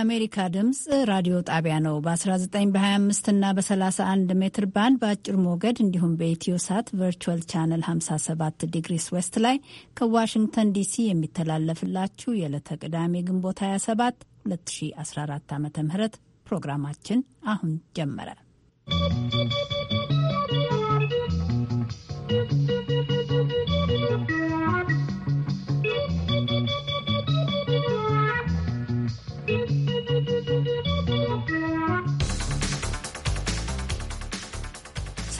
የአሜሪካ ድምፅ ራዲዮ ጣቢያ ነው። በ19 በ25 እና በ31 ሜትር ባንድ በአጭር ሞገድ እንዲሁም በኢትዮ ሳት ቨርቹዋል ቻነል 57 ዲግሪስ ዌስት ላይ ከዋሽንግተን ዲሲ የሚተላለፍላችሁ የዕለተ ቅዳሜ ግንቦት 27 2014 ዓ ም ፕሮግራማችን አሁን ጀመረ።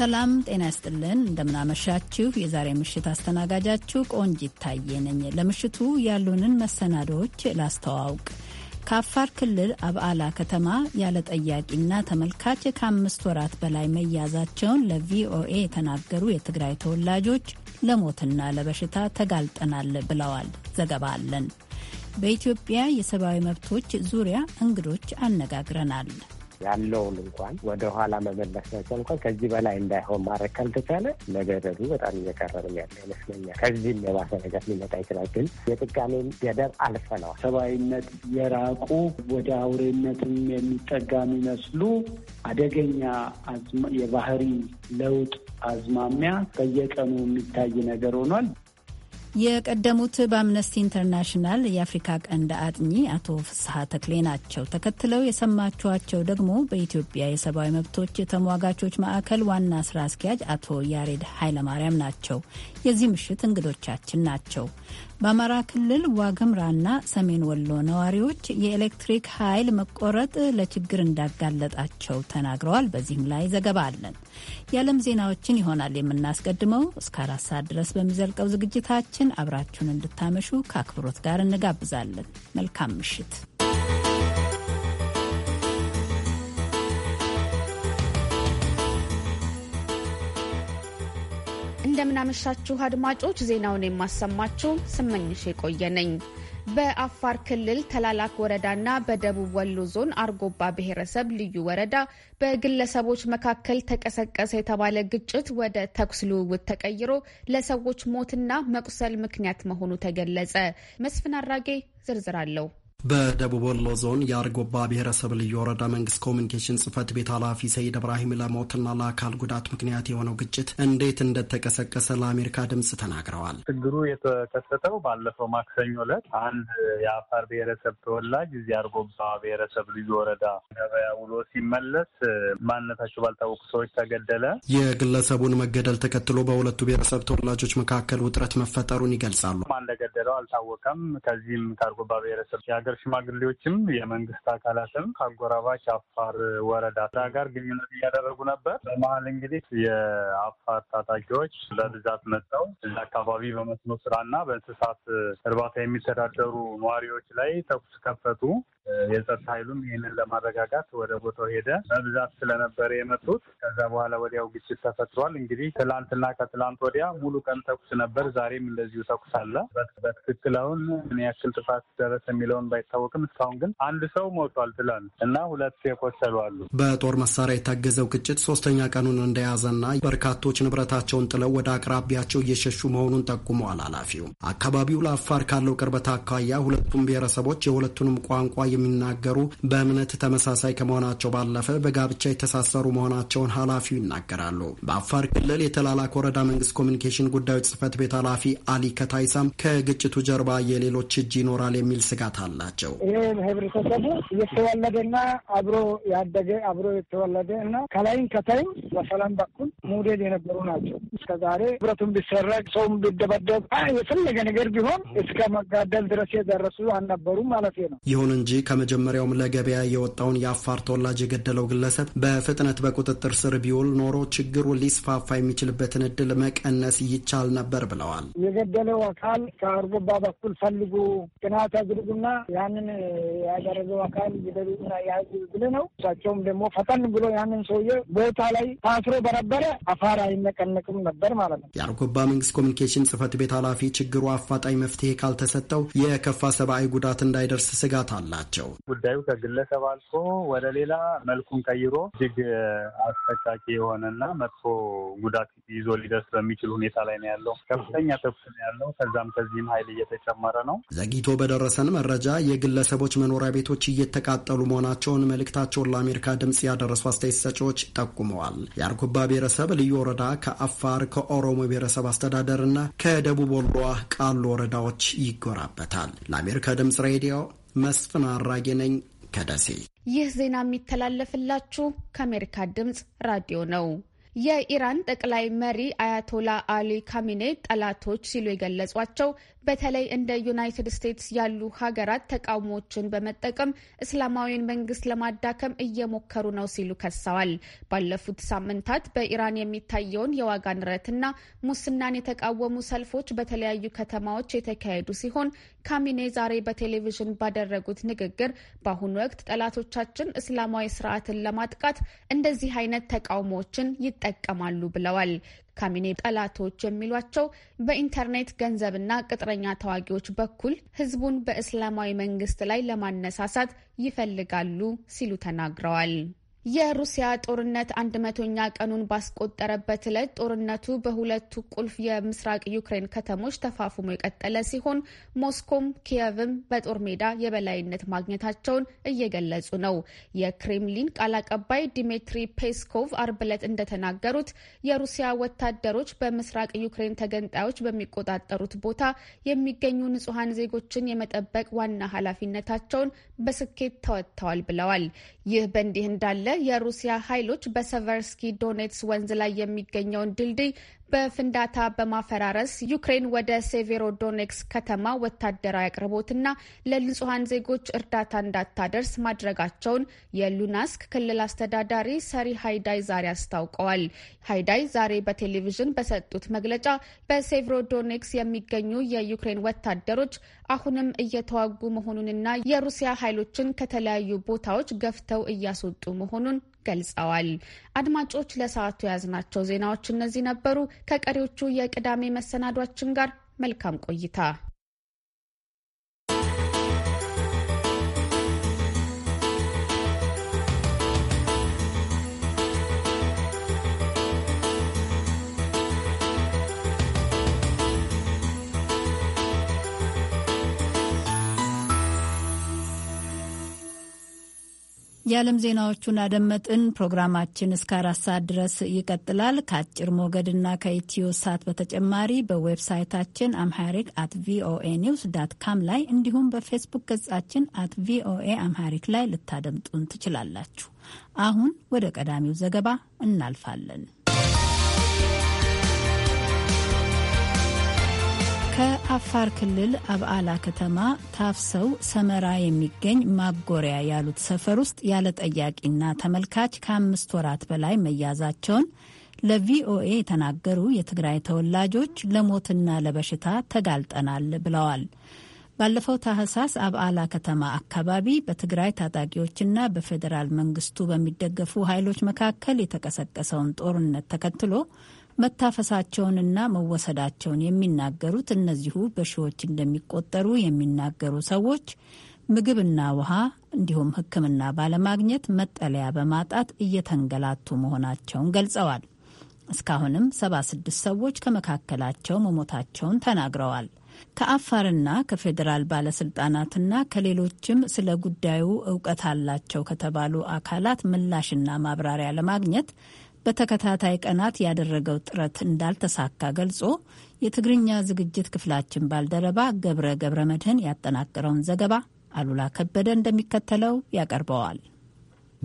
ሰላም ጤና ይስጥልን። እንደምናመሻችሁ። የዛሬ ምሽት አስተናጋጃችሁ ቆንጅ ይታየ ነኝ። ለምሽቱ ያሉንን መሰናዶዎች ላስተዋውቅ። ከአፋር ክልል አብዓላ ከተማ ያለ ጠያቂና ተመልካች ከአምስት ወራት በላይ መያዛቸውን ለቪኦኤ የተናገሩ የትግራይ ተወላጆች ለሞትና ለበሽታ ተጋልጠናል ብለዋል። ዘገባ አለን። በኢትዮጵያ የሰብአዊ መብቶች ዙሪያ እንግዶች አነጋግረናል። ያለውን እንኳን ወደ ኋላ መመለስ ናቸው እንኳን ከዚህ በላይ እንዳይሆን ማድረግ ካልተቻለ መገደዱ በጣም እየቀረብን ያለ ይመስለኛል። ከዚህም የባሰ ነገር ሊመጣ ይችላል። ግን የጥቃሜን ገደብ አልፈነዋል። ሰብአዊነት የራቁ ወደ አውሬነትም የሚጠጋ የሚመስሉ አደገኛ የባህሪ ለውጥ አዝማሚያ በየቀኑ የሚታይ ነገር ሆኗል። የቀደሙት በአምነስቲ ኢንተርናሽናል የአፍሪካ ቀንድ አጥኚ አቶ ፍስሐ ተክሌ ናቸው። ተከትለው የሰማችኋቸው ደግሞ በኢትዮጵያ የሰብአዊ መብቶች ተሟጋቾች ማዕከል ዋና ስራ አስኪያጅ አቶ ያሬድ ኃይለማርያም ናቸው። የዚህ ምሽት እንግዶቻችን ናቸው። በአማራ ክልል ዋግምራና ሰሜን ወሎ ነዋሪዎች የኤሌክትሪክ ኃይል መቆረጥ ለችግር እንዳጋለጣቸው ተናግረዋል። በዚህም ላይ ዘገባ አለን። የዓለም ዜናዎችን ይሆናል የምናስቀድመው። እስከ አራት ሰዓት ድረስ በሚዘልቀው ዝግጅታችን ዝግጅታችን አብራችሁን እንድታመሹ ከአክብሮት ጋር እንጋብዛለን። መልካም ምሽት። እንደምናመሻችሁ አድማጮች፣ ዜናውን የማሰማችሁ ስመኝሽ የቆየ ነኝ። በአፋር ክልል ተላላክ ወረዳና በደቡብ ወሎ ዞን አርጎባ ብሔረሰብ ልዩ ወረዳ በግለሰቦች መካከል ተቀሰቀሰ የተባለ ግጭት ወደ ተኩስ ልውውጥ ተቀይሮ ለሰዎች ሞትና መቁሰል ምክንያት መሆኑ ተገለጸ። መስፍን አራጌ ዝርዝር አለው። በደቡብ ወሎ ዞን የአርጎባ ብሔረሰብ ልዩ ወረዳ መንግስት ኮሚኒኬሽን ጽህፈት ቤት ኃላፊ ሰይድ እብራሂም ለሞትና ለአካል ጉዳት ምክንያት የሆነው ግጭት እንዴት እንደተቀሰቀሰ ለአሜሪካ ድምፅ ተናግረዋል። ችግሩ የተከሰተው ባለፈው ማክሰኞ ዕለት አንድ የአፋር ብሔረሰብ ተወላጅ እዚህ አርጎባ ብሔረሰብ ልዩ ወረዳ ገበያ ውሎ ሲመለስ ማንነታቸው ባልታወቁ ሰዎች ተገደለ። የግለሰቡን መገደል ተከትሎ በሁለቱ ብሔረሰብ ተወላጆች መካከል ውጥረት መፈጠሩን ይገልጻሉ። ማን እንደገደለው አልታወቀም። ከዚህም ከአርጎባ ብሔረሰብ የሀገር ሽማግሌዎችም የመንግስት አካላትም ከአጎራባች አፋር ወረዳ ጋር ግንኙነት እያደረጉ ነበር። በመሀል እንግዲህ የአፋር ታጣቂዎች በብዛት መጥተው አካባቢ በመስኖ ስራና በእንስሳት እርባታ የሚተዳደሩ ነዋሪዎች ላይ ተኩስ ከፈቱ። የጸጥታ ኃይሉም ይህንን ለማረጋጋት ወደ ቦታው ሄደ። በብዛት ስለነበረ የመጡት ከዛ በኋላ ወዲያው ግጭት ተፈጥሯል። እንግዲህ ትላንትና ከትላንት ወዲያ ሙሉ ቀን ተኩስ ነበር። ዛሬም እንደዚሁ ተኩስ አለ። በትክክል አሁን ምን ያክል ጥፋት ደረሰ የሚለውን ባይታወቅም እስካሁን ግን አንድ ሰው ሞቷል ትላንት እና ሁለት የቆሰሉ አሉ። በጦር መሳሪያ የታገዘው ግጭት ሶስተኛ ቀኑን እንደያዘና በርካቶች ንብረታቸውን ጥለው ወደ አቅራቢያቸው እየሸሹ መሆኑን ጠቁመዋል ኃላፊው። አካባቢው ለአፋር ካለው ቅርበት አኳያ ሁለቱም ብሔረሰቦች የሁለቱንም ቋንቋ የሚናገሩ በእምነት ተመሳሳይ ከመሆናቸው ባለፈ በጋብቻ የተሳሰሩ መሆናቸውን ኃላፊው ይናገራሉ። በአፋር ክልል የተላላክ ወረዳ መንግስት ኮሚኒኬሽን ጉዳዮች ጽህፈት ቤት ኃላፊ አሊ ከታይሳም ከግጭቱ ጀርባ የሌሎች እጅ ይኖራል የሚል ስጋት አላቸው። ይህ ህብረተሰቡ እየተወለደና አብሮ ያደገ አብሮ የተወለደ እና ከላይም ከታይም በሰላም በኩል ሞዴል የነበሩ ናቸው። እስከዛሬ ህብረቱን ቢሰረቅ ሰውም ቢደበደብ የፈለገ ነገር ቢሆን እስከ መጋደል ድረስ የደረሱ አልነበሩም ማለት ነው። ይሁን እንጂ ከመጀመሪያውም ለገበያ የወጣውን የአፋር ተወላጅ የገደለው ግለሰብ በፍጥነት በቁጥጥር ስር ቢውል ኖሮ ችግሩ ሊስፋፋ የሚችልበትን እድል መቀነስ ይቻል ነበር ብለዋል። የገደለው አካል ከአርጎባ በኩል ፈልጉ፣ ጥናት ያድርጉና ያንን ያደረገው አካል ግደሉና ያዙ ብል ነው። እሳቸውም ደግሞ ፈጠን ብሎ ያንን ሰውዬ ቦታ ላይ ታስሮ በነበረ አፋር አይነቀነቅም ነበር ማለት ነው። የአርጎባ መንግስት ኮሚኒኬሽን ጽህፈት ቤት ኃላፊ ችግሩ አፋጣኝ መፍትሄ ካልተሰጠው የከፋ ሰብአዊ ጉዳት እንዳይደርስ ስጋት አላቸው። ናቸው። ጉዳዩ ከግለሰብ አልፎ ወደ ሌላ መልኩን ቀይሮ እጅግ አስጠቃቂ የሆነና መጥፎ ጉዳት ይዞ ሊደርስ በሚችል ሁኔታ ላይ ነው ያለው። ከፍተኛ ተኩስ ነው ያለው። ከዛም ከዚህም ኃይል እየተጨመረ ነው። ዘግይቶ በደረሰን መረጃ የግለሰቦች መኖሪያ ቤቶች እየተቃጠሉ መሆናቸውን መልእክታቸውን ለአሜሪካ ድምጽ ያደረሱ አስተያየት ሰጪዎች ጠቁመዋል። የአርጎባ ብሔረሰብ ልዩ ወረዳ ከአፋር ከኦሮሞ ብሔረሰብ አስተዳደርና ከደቡብ ወሎ ቃሉ ወረዳዎች ይጎራበታል። ለአሜሪካ ድምጽ ሬዲዮ መስፍን አራጌ ነኝ ከደሴ። ይህ ዜና የሚተላለፍላችሁ ከአሜሪካ ድምፅ ራዲዮ ነው። የኢራን ጠቅላይ መሪ አያቶላ አሊ ካሚኔ ጠላቶች ሲሉ የገለጿቸው በተለይ እንደ ዩናይትድ ስቴትስ ያሉ ሀገራት ተቃውሞዎችን በመጠቀም እስላማዊን መንግስት ለማዳከም እየሞከሩ ነው ሲሉ ከሰዋል። ባለፉት ሳምንታት በኢራን የሚታየውን የዋጋ ንረትና ሙስናን የተቃወሙ ሰልፎች በተለያዩ ከተማዎች የተካሄዱ ሲሆን ካሚኔ ዛሬ በቴሌቪዥን ባደረጉት ንግግር በአሁኑ ወቅት ጠላቶቻችን እስላማዊ ስርዓትን ለማጥቃት እንደዚህ አይነት ተቃውሞዎችን ይጠ ይጠቀማሉ ብለዋል። ካሚኔ ጠላቶች የሚሏቸው በኢንተርኔት ገንዘብና ቅጥረኛ ተዋጊዎች በኩል ህዝቡን በእስላማዊ መንግስት ላይ ለማነሳሳት ይፈልጋሉ ሲሉ ተናግረዋል። የሩሲያ ጦርነት አንድ መቶኛ ቀኑን ባስቆጠረበት ዕለት ጦርነቱ በሁለቱ ቁልፍ የምስራቅ ዩክሬን ከተሞች ተፋፍሞ የቀጠለ ሲሆን ሞስኮም ኪየቭም በጦር ሜዳ የበላይነት ማግኘታቸውን እየገለጹ ነው። የክሬምሊን ቃል አቀባይ ዲሜትሪ ፔስኮቭ አርብ ዕለት እንደተናገሩት የሩሲያ ወታደሮች በምስራቅ ዩክሬን ተገንጣዮች በሚቆጣጠሩት ቦታ የሚገኙ ንጹሐን ዜጎችን የመጠበቅ ዋና ኃላፊነታቸውን በስኬት ተወጥተዋል ብለዋል። ይህ በእንዲህ እንዳለ የሩሲያ ኃይሎች በሰቨርስኪ ዶኔትስ ወንዝ ላይ የሚገኘውን ድልድይ በፍንዳታ በማፈራረስ ዩክሬን ወደ ሴቬሮዶኔክስ ከተማ ወታደራዊ አቅርቦትና ለንጹሐን ዜጎች እርዳታ እንዳታደርስ ማድረጋቸውን የሉናስክ ክልል አስተዳዳሪ ሰሪ ሃይዳይ ዛሬ አስታውቀዋል። ሃይዳይ ዛሬ በቴሌቪዥን በሰጡት መግለጫ በሴቬሮዶኔክስ የሚገኙ የዩክሬን ወታደሮች አሁንም እየተዋጉ መሆኑንና የሩሲያ ኃይሎችን ከተለያዩ ቦታዎች ገፍተው እያስወጡ መሆኑን ገልጸዋል። አድማጮች ለሰዓቱ የያዝናቸው ዜናዎች እነዚህ ነበሩ። ከቀሪዎቹ የቅዳሜ መሰናዷችን ጋር መልካም ቆይታ የዓለም ዜናዎቹን አደመጥን። ፕሮግራማችን እስከ አራት ሰዓት ድረስ ይቀጥላል። ከአጭር ሞገድና ከኢትዮ ሳት በተጨማሪ በዌብሳይታችን አምሐሪክ አት ቪኦኤ ኒውስ ዳት ካም ላይ እንዲሁም በፌስቡክ ገጻችን አት ቪኦኤ አምሐሪክ ላይ ልታደምጡን ትችላላችሁ። አሁን ወደ ቀዳሚው ዘገባ እናልፋለን። ከአፋር ክልል አብዓላ ከተማ ታፍሰው ሰመራ የሚገኝ ማጎሪያ ያሉት ሰፈር ውስጥ ያለ ጠያቂና ተመልካች ከአምስት ወራት በላይ መያዛቸውን ለቪኦኤ የተናገሩ የትግራይ ተወላጆች ለሞትና ለበሽታ ተጋልጠናል ብለዋል። ባለፈው ታህሳስ አብዓላ ከተማ አካባቢ በትግራይ ታጣቂዎችና በፌዴራል መንግስቱ በሚደገፉ ኃይሎች መካከል የተቀሰቀሰውን ጦርነት ተከትሎ መታፈሳቸውንና መወሰዳቸውን የሚናገሩት እነዚሁ በሺዎች እንደሚቆጠሩ የሚናገሩ ሰዎች ምግብና ውሃ እንዲሁም ሕክምና ባለማግኘት መጠለያ በማጣት እየተንገላቱ መሆናቸውን ገልጸዋል። እስካሁንም 76 ሰዎች ከመካከላቸው መሞታቸውን ተናግረዋል። ከአፋርና ከፌዴራል ባለስልጣናትና ከሌሎችም ስለ ጉዳዩ እውቀት አላቸው ከተባሉ አካላት ምላሽና ማብራሪያ ለማግኘት በተከታታይ ቀናት ያደረገው ጥረት እንዳልተሳካ ገልጾ የትግርኛ ዝግጅት ክፍላችን ባልደረባ ገብረ ገብረ መድህን ያጠናቀረውን ዘገባ አሉላ ከበደ እንደሚከተለው ያቀርበዋል።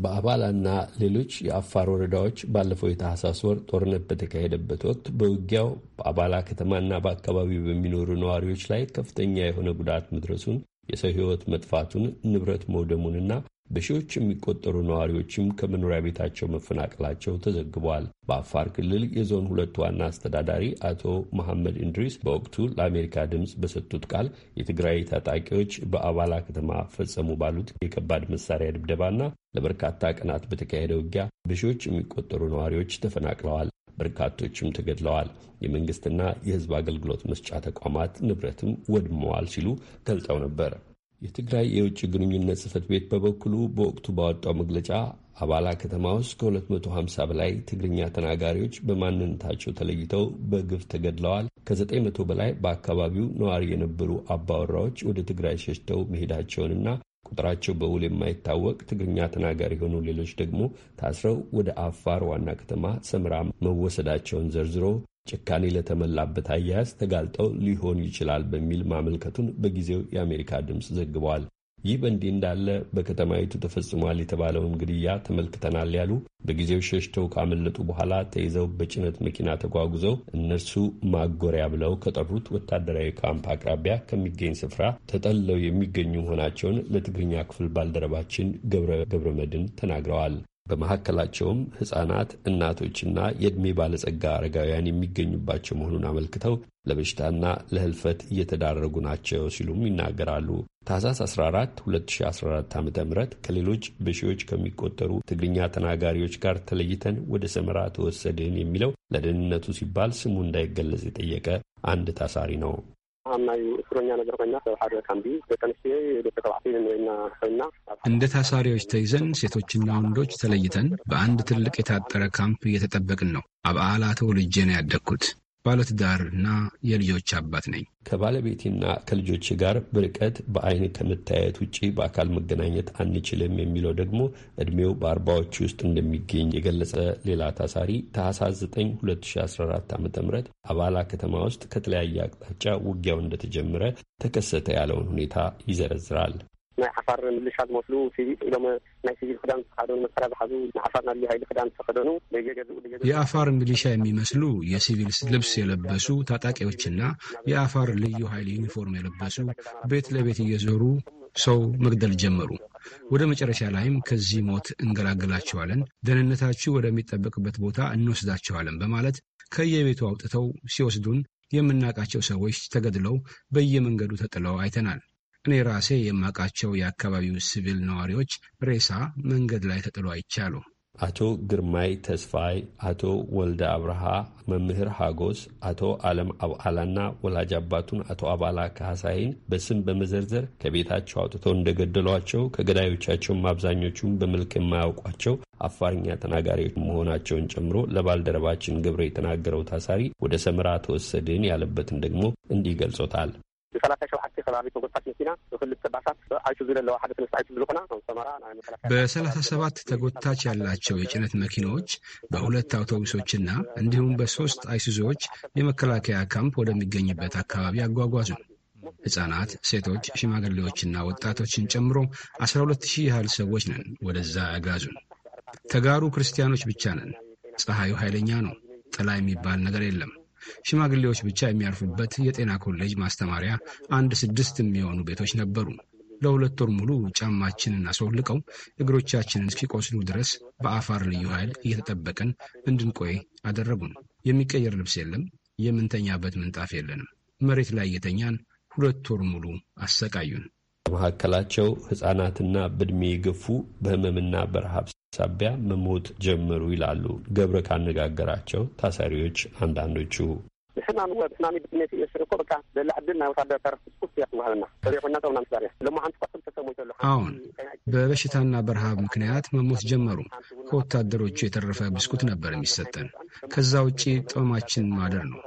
በአባላና ሌሎች የአፋር ወረዳዎች ባለፈው የታህሳስ ወር ጦርነት በተካሄደበት ወቅት በውጊያው በአባላ ከተማና በአካባቢው በሚኖሩ ነዋሪዎች ላይ ከፍተኛ የሆነ ጉዳት መድረሱን የሰው ሕይወት መጥፋቱን ንብረት መውደሙንና በሺዎች የሚቆጠሩ ነዋሪዎችም ከመኖሪያ ቤታቸው መፈናቀላቸው ተዘግቧል። በአፋር ክልል የዞን ሁለት ዋና አስተዳዳሪ አቶ መሐመድ እንድሪስ በወቅቱ ለአሜሪካ ድምፅ በሰጡት ቃል የትግራይ ታጣቂዎች በአባላ ከተማ ፈጸሙ ባሉት የከባድ መሳሪያ ድብደባና ለበርካታ ቀናት በተካሄደ ውጊያ በሺዎች የሚቆጠሩ ነዋሪዎች ተፈናቅለዋል፣ በርካቶችም ተገድለዋል፣ የመንግስትና የሕዝብ አገልግሎት መስጫ ተቋማት ንብረትም ወድመዋል ሲሉ ገልጸው ነበር። የትግራይ የውጭ ግንኙነት ጽህፈት ቤት በበኩሉ በወቅቱ ባወጣው መግለጫ አባላ ከተማ ውስጥ ከ250 በላይ ትግርኛ ተናጋሪዎች በማንነታቸው ተለይተው በግፍ ተገድለዋል። ከ900 በላይ በአካባቢው ነዋሪ የነበሩ አባወራዎች ወደ ትግራይ ሸሽተው መሄዳቸውንና ቁጥራቸው በውል የማይታወቅ ትግርኛ ተናጋሪ የሆኑ ሌሎች ደግሞ ታስረው ወደ አፋር ዋና ከተማ ሰምራ መወሰዳቸውን ዘርዝሮ ጭካኔ ለተሞላበት አያያዝ ተጋልጠው ሊሆን ይችላል በሚል ማመልከቱን በጊዜው የአሜሪካ ድምፅ ዘግቧል። ይህ በእንዲህ እንዳለ በከተማይቱ ተፈጽሟል የተባለውን ግድያ ተመልክተናል ያሉ በጊዜው ሸሽተው ካመለጡ በኋላ ተይዘው በጭነት መኪና ተጓጉዘው እነርሱ ማጎሪያ ብለው ከጠሩት ወታደራዊ ካምፕ አቅራቢያ ከሚገኝ ስፍራ ተጠልለው የሚገኙ መሆናቸውን ለትግርኛ ክፍል ባልደረባችን ገብረ ገብረ መድን ተናግረዋል። በመካከላቸውም ህጻናት፣ እናቶችና የዕድሜ ባለጸጋ አረጋውያን የሚገኙባቸው መሆኑን አመልክተው ለበሽታና ለህልፈት እየተዳረጉ ናቸው ሲሉም ይናገራሉ። ታህሳስ 14 2014 ዓ ም ከሌሎች በሺዎች ከሚቆጠሩ ትግርኛ ተናጋሪዎች ጋር ተለይተን ወደ ሰመራ ተወሰድን የሚለው ለደህንነቱ ሲባል ስሙ እንዳይገለጽ የጠየቀ አንድ ታሳሪ ነው። እንደ ታሳሪዎች ተይዘን ሴቶችና ወንዶች ተለይተን በአንድ ትልቅ የታጠረ ካምፕ እየተጠበቅን ነው። አብዓላ ተወልጄ ነው ያደግኩት። ባለትዳርና የልጆች አባት ነኝ። ከባለቤቴና ከልጆቼ ጋር በርቀት በአይን ከመታየት ውጭ በአካል መገናኘት አንችልም የሚለው ደግሞ እድሜው በአርባዎች ውስጥ እንደሚገኝ የገለጸ ሌላ ታሳሪ ታህሳስ 9 2014 ዓ ም አባላ ከተማ ውስጥ ከተለያየ አቅጣጫ ውጊያው እንደተጀመረ ተከሰተ ያለውን ሁኔታ ይዘረዝራል። ናይ ሓፋር ምልሻ ዝመስሉ ኢሎም ናይ ሲቪል ክዳን ዝተኸደኑ መሳርያ ዝሓዙ ንሓፋር ናብዩ ሃይሊ ክዳን ዝተኸደኑ የአፋር ሚሊሻ የሚመስሉ የሲቪል ልብስ የለበሱ ታጣቂዎችና የአፋር ልዩ ኃይል ዩኒፎርም የለበሱ ቤት ለቤት እየዞሩ ሰው መግደል ጀመሩ። ወደ መጨረሻ ላይም ከዚህ ሞት እንገላግላቸዋለን፣ ደህንነታችሁ ወደሚጠበቅበት ቦታ እንወስዳቸዋለን በማለት ከየቤቱ አውጥተው ሲወስዱን የምናውቃቸው ሰዎች ተገድለው በየመንገዱ ተጥለው አይተናል። እኔ ራሴ የማውቃቸው የአካባቢው ሲቪል ነዋሪዎች ሬሳ መንገድ ላይ ተጥሎ አይቻሉ። አቶ ግርማይ ተስፋይ፣ አቶ ወልደ አብርሃ፣ መምህር ሀጎስ፣ አቶ አለም አብዓላና ወላጅ አባቱን አቶ አባላ ካሳይን በስም በመዘርዘር ከቤታቸው አውጥተው እንደገደሏቸው ከገዳዮቻቸውም አብዛኞቹም በመልክ የማያውቋቸው አፋርኛ ተናጋሪዎች መሆናቸውን ጨምሮ ለባልደረባችን ግብረ የተናገረው ታሳሪ ወደ ሰመራ ተወሰድን ያለበትን ደግሞ እንዲህ ገልጾታል። በሰላሳ ሰባት ተጎታች ያላቸው የጭነት መኪናዎች በሁለት አውቶቡሶችና እንዲሁም በሶስት አይሱዞዎች የመከላከያ ካምፕ ወደሚገኝበት አካባቢ አጓጓዙ። ሕፃናት፣ ሴቶች፣ ሽማግሌዎችና ወጣቶችን ጨምሮ 12 ሺህ ያህል ሰዎች ነን ወደዛ ያጋዙን። ተጋሩ ክርስቲያኖች ብቻ ነን። ፀሐዩ ኃይለኛ ነው። ጥላ የሚባል ነገር የለም። ሽማግሌዎች ብቻ የሚያርፉበት የጤና ኮሌጅ ማስተማሪያ አንድ ስድስት የሚሆኑ ቤቶች ነበሩ። ለሁለት ወር ሙሉ ጫማችንን አስወልቀው እግሮቻችንን እስኪቆስሉ ድረስ በአፋር ልዩ ኃይል እየተጠበቅን እንድንቆይ አደረጉን። የሚቀየር ልብስ የለም። የምንተኛበት ምንጣፍ የለንም። መሬት ላይ እየተኛን ሁለት ወር ሙሉ አሰቃዩን። በመካከላቸው ሕፃናትና በዕድሜ የገፉ በህመምና በረሃብ ሳቢያ መሞት ጀመሩ ይላሉ ገብረ ካነጋገራቸው ታሳሪዎች አንዳንዶቹ። አሁን በበሽታና በረሃብ ምክንያት መሞት ጀመሩ። ከወታደሮቹ የተረፈ ብስኩት ነበር የሚሰጠን። ከዛ ውጪ ጥመማችን ማደር ነው።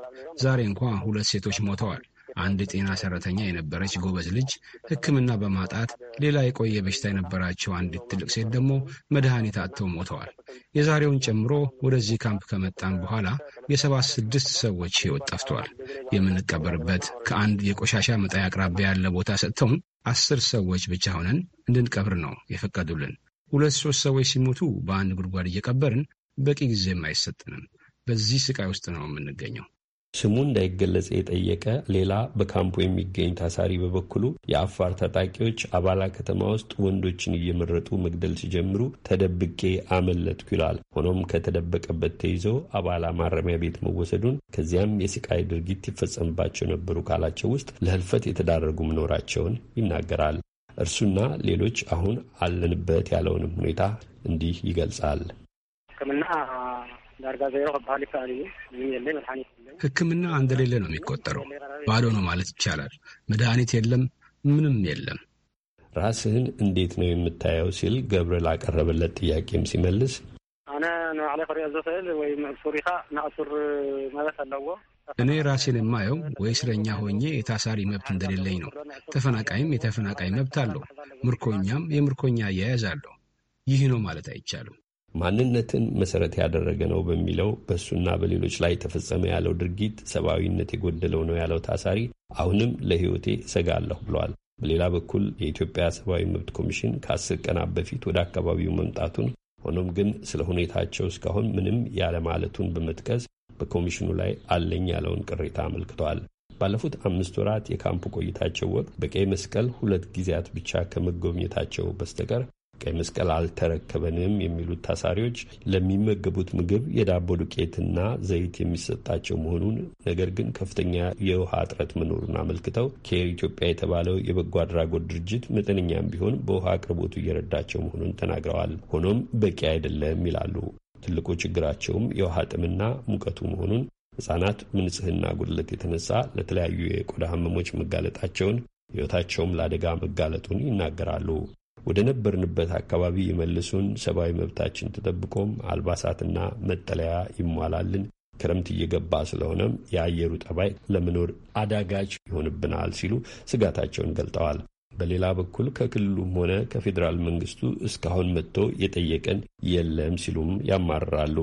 ዛሬ እንኳ ሁለት ሴቶች ሞተዋል። አንድ ጤና ሰራተኛ የነበረች ጎበዝ ልጅ ሕክምና በማጣት ሌላ የቆየ በሽታ የነበራቸው አንዲት ትልቅ ሴት ደግሞ መድኃኒት አጥተው ሞተዋል። የዛሬውን ጨምሮ ወደዚህ ካምፕ ከመጣን በኋላ የሰባ ስድስት ሰዎች ሕይወት ጠፍተዋል። የምንቀበርበት ከአንድ የቆሻሻ መጣያ አቅራቢያ ያለ ቦታ ሰጥተውን አስር ሰዎች ብቻ ሆነን እንድንቀብር ነው የፈቀዱልን። ሁለት ሶስት ሰዎች ሲሞቱ በአንድ ጉድጓድ እየቀበርን በቂ ጊዜም አይሰጥንም። በዚህ ስቃይ ውስጥ ነው የምንገኘው። ስሙ እንዳይገለጸ የጠየቀ ሌላ በካምፑ የሚገኝ ታሳሪ በበኩሉ የአፋር ታጣቂዎች አባላ ከተማ ውስጥ ወንዶችን እየመረጡ መግደል ሲጀምሩ ተደብቄ አመለጥኩ ይላል። ሆኖም ከተደበቀበት ተይዞ አባላ ማረሚያ ቤት መወሰዱን፣ ከዚያም የስቃይ ድርጊት ይፈጸምባቸው ነበሩ ካላቸው ውስጥ ለህልፈት የተዳረጉ መኖራቸውን ይናገራል። እርሱና ሌሎች አሁን አለንበት ያለውንም ሁኔታ እንዲህ ይገልጻል። ሕክምና ዳርጋ ዜሮ ሕክምና እንደሌለ ነው የሚቆጠረው። ባዶ ነው ማለት ይቻላል። መድኃኒት የለም፣ ምንም የለም። ራስህን እንዴት ነው የምታየው ሲል ገብረ ላቀረበለት ጥያቄም ሲመልስ እኔ ራሴን የማየው ወይ እስረኛ ሆኜ የታሳሪ መብት እንደሌለኝ ነው። ተፈናቃይም የተፈናቃይ መብት አለው፣ ምርኮኛም የምርኮኛ አያያዝ አለው። ይህ ነው ማለት አይቻልም። ማንነትን መሰረት ያደረገ ነው በሚለው በእሱና በሌሎች ላይ ተፈጸመ ያለው ድርጊት ሰብአዊነት የጎደለው ነው ያለው ታሳሪ አሁንም ለሕይወቴ እሰጋለሁ ብለዋል። በሌላ በኩል የኢትዮጵያ ሰብአዊ መብት ኮሚሽን ከአስር ቀናት በፊት ወደ አካባቢው መምጣቱን ሆኖም ግን ስለ ሁኔታቸው እስካሁን ምንም ያለማለቱን በመጥቀስ በኮሚሽኑ ላይ አለኝ ያለውን ቅሬታ አመልክቷል። ባለፉት አምስት ወራት የካምፕ ቆይታቸው ወቅት በቀይ መስቀል ሁለት ጊዜያት ብቻ ከመጎብኘታቸው በስተቀር ቀይ መስቀል አልተረከበንም የሚሉት ታሳሪዎች ለሚመገቡት ምግብ የዳቦ ዱቄትና ዘይት የሚሰጣቸው መሆኑን ነገር ግን ከፍተኛ የውሃ እጥረት መኖሩን አመልክተው ኬር ኢትዮጵያ የተባለው የበጎ አድራጎት ድርጅት መጠነኛም ቢሆን በውሃ አቅርቦቱ እየረዳቸው መሆኑን ተናግረዋል። ሆኖም በቂ አይደለም ይላሉ። ትልቁ ችግራቸውም የውሃ ጥምና ሙቀቱ መሆኑን፣ ህጻናት በንጽህና ጉድለት የተነሳ ለተለያዩ የቆዳ ህመሞች መጋለጣቸውን ህይወታቸውም ለአደጋ መጋለጡን ይናገራሉ። ወደ ነበርንበት አካባቢ ይመልሱን፣ ሰብአዊ መብታችን ተጠብቆም አልባሳትና መጠለያ ይሟላልን። ክረምት እየገባ ስለሆነም የአየሩ ጠባይ ለመኖር አዳጋች ይሆንብናል ሲሉ ስጋታቸውን ገልጠዋል። በሌላ በኩል ከክልሉም ሆነ ከፌዴራል መንግስቱ እስካሁን መጥቶ የጠየቀን የለም ሲሉም ያማርራሉ።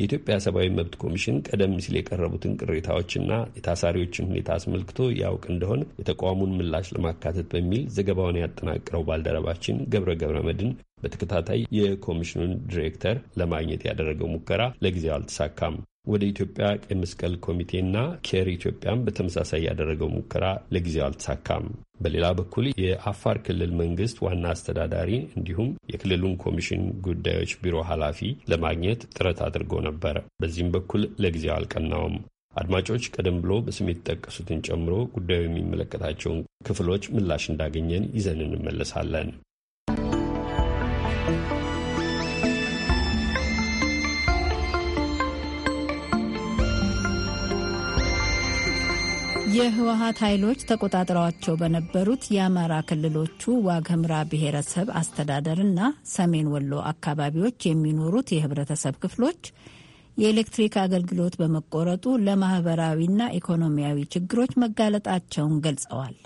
የኢትዮጵያ ሰብአዊ መብት ኮሚሽን ቀደም ሲል የቀረቡትን ቅሬታዎችና የታሳሪዎችን ሁኔታ አስመልክቶ ያውቅ እንደሆን የተቋሙን ምላሽ ለማካተት በሚል ዘገባውን ያጠናቅረው ባልደረባችን ገብረ ገብረ መድን በተከታታይ የኮሚሽኑን ዲሬክተር ለማግኘት ያደረገው ሙከራ ለጊዜው አልተሳካም። ወደ ኢትዮጵያ ቀይ መስቀል ኮሚቴና ኬር ኢትዮጵያን በተመሳሳይ ያደረገው ሙከራ ለጊዜው አልተሳካም። በሌላ በኩል የአፋር ክልል መንግስት ዋና አስተዳዳሪ እንዲሁም የክልሉን ኮሚሽን ጉዳዮች ቢሮ ኃላፊ ለማግኘት ጥረት አድርጎ ነበር። በዚህም በኩል ለጊዜው አልቀናውም። አድማጮች፣ ቀደም ብሎ በስም የተጠቀሱትን ጨምሮ ጉዳዩ የሚመለከታቸውን ክፍሎች ምላሽ እንዳገኘን ይዘን እንመለሳለን። የህወሀት ኃይሎች ተቆጣጥረዋቸው በነበሩት የአማራ ክልሎቹ ዋግ ህምራ ብሔረሰብ አስተዳደርና ሰሜን ወሎ አካባቢዎች የሚኖሩት የህብረተሰብ ክፍሎች የኤሌክትሪክ አገልግሎት በመቆረጡ ለማህበራዊና ኢኮኖሚያዊ ችግሮች መጋለጣቸውን ገልጸዋል።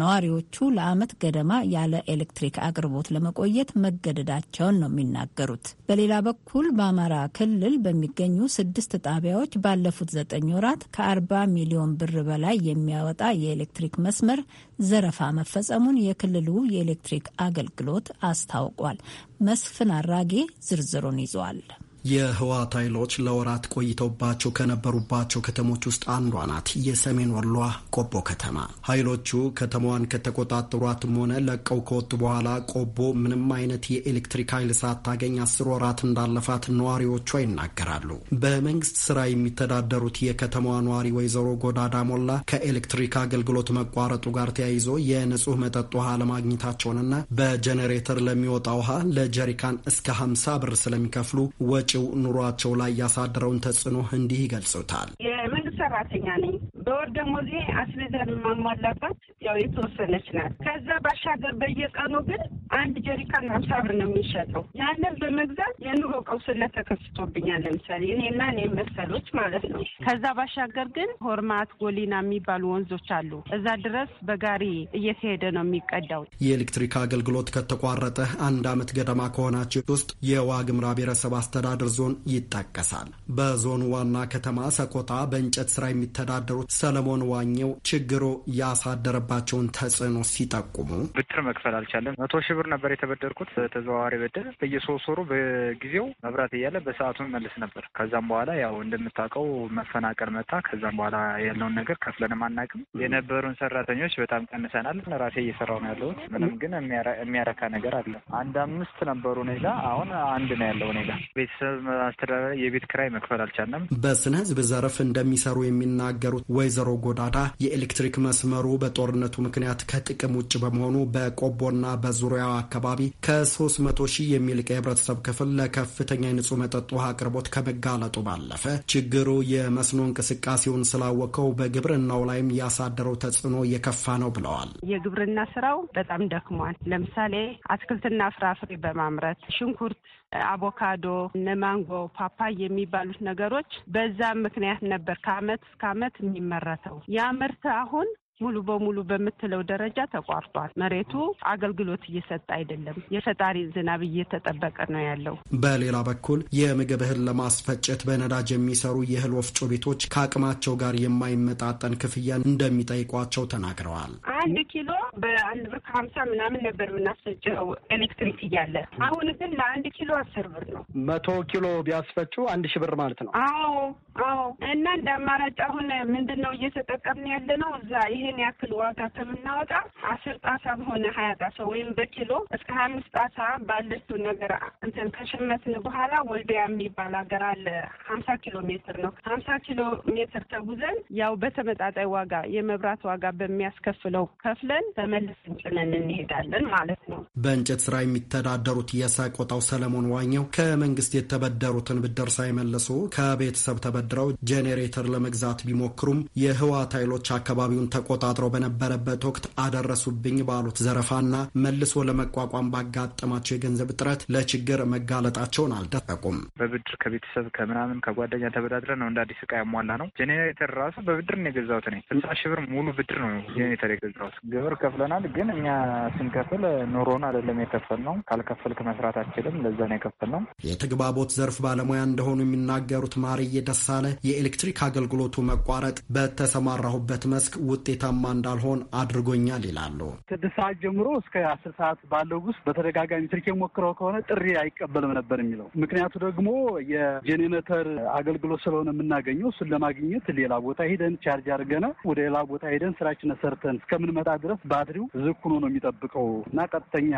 ነዋሪዎቹ ለዓመት ገደማ ያለ ኤሌክትሪክ አቅርቦት ለመቆየት መገደዳቸውን ነው የሚናገሩት። በሌላ በኩል በአማራ ክልል በሚገኙ ስድስት ጣቢያዎች ባለፉት ዘጠኝ ወራት ከ40 ሚሊዮን ብር በላይ የሚያወጣ የኤሌክትሪክ መስመር ዘረፋ መፈጸሙን የክልሉ የኤሌክትሪክ አገልግሎት አስታውቋል። መስፍን አራጌ ዝርዝሩን ይዟል። የህወሓት ኃይሎች ለወራት ቆይተውባቸው ከነበሩባቸው ከተሞች ውስጥ አንዷ ናት የሰሜን ወሏ ቆቦ ከተማ። ኃይሎቹ ከተማዋን ከተቆጣጠሯትም ሆነ ለቀው ከወጡ በኋላ ቆቦ ምንም አይነት የኤሌክትሪክ ኃይል ሳታገኝ አስር ወራት እንዳለፋት ነዋሪዎቿ ይናገራሉ። በመንግስት ስራ የሚተዳደሩት የከተማዋ ነዋሪ ወይዘሮ ጎዳዳ ሞላ ከኤሌክትሪክ አገልግሎት መቋረጡ ጋር ተያይዞ የንጹህ መጠጥ ውሃ ለማግኘታቸውንና በጄኔሬተር ለሚወጣ ውሃ ለጀሪካን እስከ 50 ብር ስለሚከፍሉ መጪው ኑሯቸው ላይ ያሳደረውን ተጽዕኖ እንዲህ ይገልጹታል። የመንግስት ሰራተኛ ነኝ። በወር ደሞዜ አስቤዛ የማሟላባት ያው የተወሰነች ናት። ከዛ ባሻገር በየቀኑ ግን አንድ ጀሪካን ሀምሳ ብር ነው የሚሸጠው። ያንን በመግዛት የኑሮ ቀውስ ተከስቶብኛል። ለምሳሌ እኔና እኔ መሰሎች ማለት ነው። ከዛ ባሻገር ግን ሆርማት፣ ጎሊና የሚባሉ ወንዞች አሉ። እዛ ድረስ በጋሪ እየተሄደ ነው የሚቀዳው። የኤሌክትሪክ አገልግሎት ከተቋረጠ አንድ አመት ገደማ ከሆናቸው ውስጥ የዋግምራ ብሔረሰብ አስተዳደር ዞን ይጠቀሳል። በዞኑ ዋና ከተማ ሰቆጣ በእንጨት ስራ የሚተዳደሩት ሰለሞን ዋኘው ችግሩ ያሳደረባቸውን ተጽዕኖ ሲጠቁሙ ብድር መክፈል አልቻለም። መቶ ሺህ ብር ነበር የተበደርኩት ተዘዋዋሪ ብድር። በየሶስት ወሩ በጊዜው መብራት እያለ በሰዓቱ መልስ ነበር። ከዛም በኋላ ያው እንደምታውቀው መፈናቀል መጣ። ከዛም በኋላ ያለውን ነገር ከፍለንም አናውቅም። የነበሩን ሰራተኞች በጣም ቀንሰናል። ራሴ እየሰራው ነው ያለሁት። ምንም ግን የሚያረካ ነገር አለ። አንድ አምስት ነበሩ እኔ ጋ፣ አሁን አንድ ነው ያለው እኔ ጋ። ቤተሰብ አስተዳደር የቤት ክራይ መክፈል አልቻለም። በስነ ህዝብ ዘርፍ እንደሚሰሩ የሚናገሩት ወይዘሮ ጎዳዳ የኤሌክትሪክ መስመሩ በጦርነቱ ምክንያት ከጥቅም ውጭ በመሆኑ በቆቦና በዙሪያው አካባቢ ከ300 ሺህ የሚልቅ የህብረተሰብ ክፍል ለከፍተኛ የንጹህ መጠጥ ውሃ አቅርቦት ከመጋለጡ ባለፈ ችግሩ የመስኖ እንቅስቃሴውን ስላወቀው በግብርናው ላይም ያሳደረው ተጽዕኖ የከፋ ነው ብለዋል። የግብርና ስራው በጣም ደክሟል። ለምሳሌ አትክልትና ፍራፍሬ በማምረት ሽንኩርት አቮካዶ፣ እነ ማንጎ፣ ፓፓይ የሚባሉት ነገሮች በዛ ምክንያት ነበር ከአመት እስከ አመት የሚመረተው። ያ ምርት አሁን ሙሉ በሙሉ በምትለው ደረጃ ተቋርጧል። መሬቱ አገልግሎት እየሰጠ አይደለም። የፈጣሪ ዝናብ እየተጠበቀ ነው ያለው። በሌላ በኩል የምግብ እህል ለማስፈጨት በነዳጅ የሚሰሩ የእህል ወፍጮ ቤቶች ከአቅማቸው ጋር የማይመጣጠን ክፍያን እንደሚጠይቋቸው ተናግረዋል። አንድ ኪሎ በአንድ ብር ከሀምሳ ምናምን ነበር የምናስፈጨው ኤሌክትሪክ እያለ፣ አሁን ግን ለአንድ ኪሎ አስር ብር ነው። መቶ ኪሎ ቢያስፈጩ አንድ ሺ ብር ማለት ነው። አዎ አዎ። እና እንደ አማራጭ አሁን ምንድን ነው እየተጠቀምን ያለ ነው እዛ ይሄ ይህን ያክል ዋጋ ከምናወጣ አስር ጣሳ በሆነ ሀያ ጣሳ ወይም በኪሎ እስከ ሀያ አምስት ጣሳ ባለችው ነገር እንትን ከሸመትን በኋላ ወልዲያ የሚባል ሀገር አለ። ሀምሳ ኪሎ ሜትር ነው። ሀምሳ ኪሎ ሜትር ተጉዘን ያው በተመጣጣይ ዋጋ የመብራት ዋጋ በሚያስከፍለው ከፍለን በመልስ እንጭነን እንሄዳለን ማለት ነው። በእንጨት ስራ የሚተዳደሩት የሰቆጣው ሰለሞን ዋኘው ከመንግስት የተበደሩትን ብድር ሳይመልሱ ከቤተሰብ ተበድረው ጄኔሬተር ለመግዛት ቢሞክሩም የህወሓት ኃይሎች አካባቢውን ተቆ ተቆጣጥረው በነበረበት ወቅት አደረሱብኝ ባሉት ዘረፋና መልሶ ለመቋቋም ባጋጠማቸው የገንዘብ እጥረት ለችግር መጋለጣቸውን አልደበቁም። በብድር ከቤተሰብ ከምናምን ከጓደኛ ተበዳድረ ነው እንደ አዲስ እቃ ያሟላ ነው። ጄኔሬተር ራሱ በብድር ነው የገዛሁት እኔ ስልሳ ሺህ ብር ሙሉ ብድር ነው ጄኔሬተር የገዛሁት። ግብር ከፍለናል፣ ግን እኛ ስንከፍል ኑሮን አይደለም የከፈል ነው። ካልከፈልክ መስራት አችልም። ለዛ ነው ነው። የተግባቦት ዘርፍ ባለሙያ እንደሆኑ የሚናገሩት ማርዬ ደሳለ የኤሌክትሪክ አገልግሎቱ መቋረጥ በተሰማራሁበት መስክ ውጤታ ውጤታማ እንዳልሆን አድርጎኛል ይላሉ። ስድስት ሰዓት ጀምሮ እስከ አስር ሰዓት ባለው ውስጥ በተደጋጋሚ ስልኬ ሞክረው ከሆነ ጥሪ አይቀበልም ነበር የሚለው ምክንያቱ ደግሞ የጄኔሬተር አገልግሎት ስለሆነ የምናገኘው እሱን ለማግኘት ሌላ ቦታ ሄደን ቻርጅ አድርገን ወደ ሌላ ቦታ ሄደን ስራችን ሰርተን እስከምንመጣ ድረስ ባትሪው ዝግ ሆኖ ነው የሚጠብቀው እና ቀጥተኛ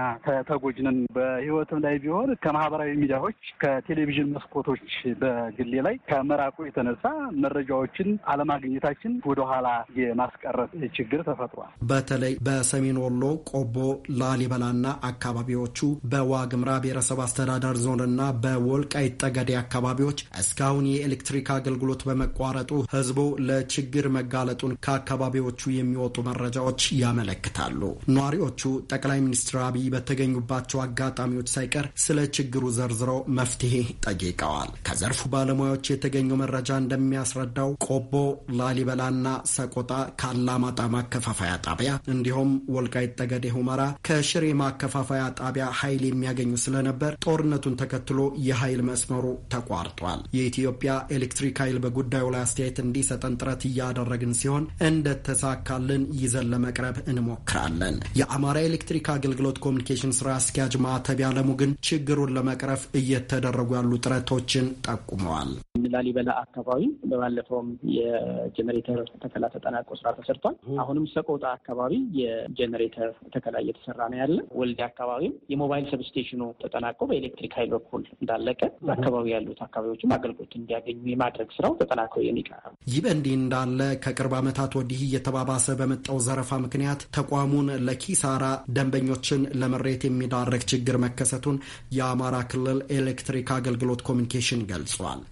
ተጎጅነን በህይወትም ላይ ቢሆን ከማህበራዊ ሚዲያዎች ከቴሌቪዥን መስኮቶች በግሌ ላይ ከመራቁ የተነሳ መረጃዎችን አለማግኘታችን ወደኋላ የማስቀረት ችግር ተፈጥሯል። በተለይ በሰሜን ወሎ ቆቦ፣ ላሊበላና አካባቢዎቹ በዋግምራ ብሔረሰብ አስተዳደር ዞንና በወልቃይት ጠገዴ አካባቢዎች እስካሁን የኤሌክትሪክ አገልግሎት በመቋረጡ ህዝቡ ለችግር መጋለጡን ከአካባቢዎቹ የሚወጡ መረጃዎች ያመለክታሉ። ነዋሪዎቹ ጠቅላይ ሚኒስትር አብይ በተገኙባቸው አጋጣሚዎች ሳይቀር ስለ ችግሩ ዘርዝረው መፍትሄ ጠይቀዋል። ከዘርፉ ባለሙያዎች የተገኘው መረጃ እንደሚያስረዳው ቆቦ፣ ላሊበላና ሰቆጣ ካላማ የአላማጣ ማከፋፈያ ጣቢያ እንዲሁም ወልቃይት ጠገዴ ሁመራ ከሽሬ ማከፋፈያ ጣቢያ ኃይል የሚያገኙ ስለነበር ጦርነቱን ተከትሎ የኃይል መስመሩ ተቋርጧል። የኢትዮጵያ ኤሌክትሪክ ኃይል በጉዳዩ ላይ አስተያየት እንዲሰጠን ጥረት እያደረግን ሲሆን እንደተሳካልን ይዘን ለመቅረብ እንሞክራለን። የአማራ ኤሌክትሪክ አገልግሎት ኮሚኒኬሽን ስራ አስኪያጅ ማዕተብ ያለሙ ግን ችግሩን ለመቅረፍ እየተደረጉ ያሉ ጥረቶችን ጠቁመዋል። ላሊበላ አካባቢ በባለፈውም የጀኔሬተር ተከላ ተጠናቆ ስራ ተሰርቷል። አሁንም ሰቆጣ አካባቢ የጄኔሬተር ተከላ እየተሰራ ነው ያለ። ወልዲ አካባቢም የሞባይል ሰብስቴሽኑ ተጠናቆ በኤሌክትሪክ ኃይል በኩል እንዳለቀ በአካባቢ ያሉት አካባቢዎችም አገልግሎት እንዲያገኙ የማድረግ ስራው ተጠናቆ የሚቀር ይህ በእንዲህ እንዳለ ከቅርብ ዓመታት ወዲህ እየተባባሰ በመጣው ዘረፋ ምክንያት ተቋሙን ለኪሳራ ደንበኞችን ለመሬት የሚዳረግ ችግር መከሰቱን የአማራ ክልል ኤሌክትሪክ አገልግሎት ኮሚኒኬሽን ገልጿል።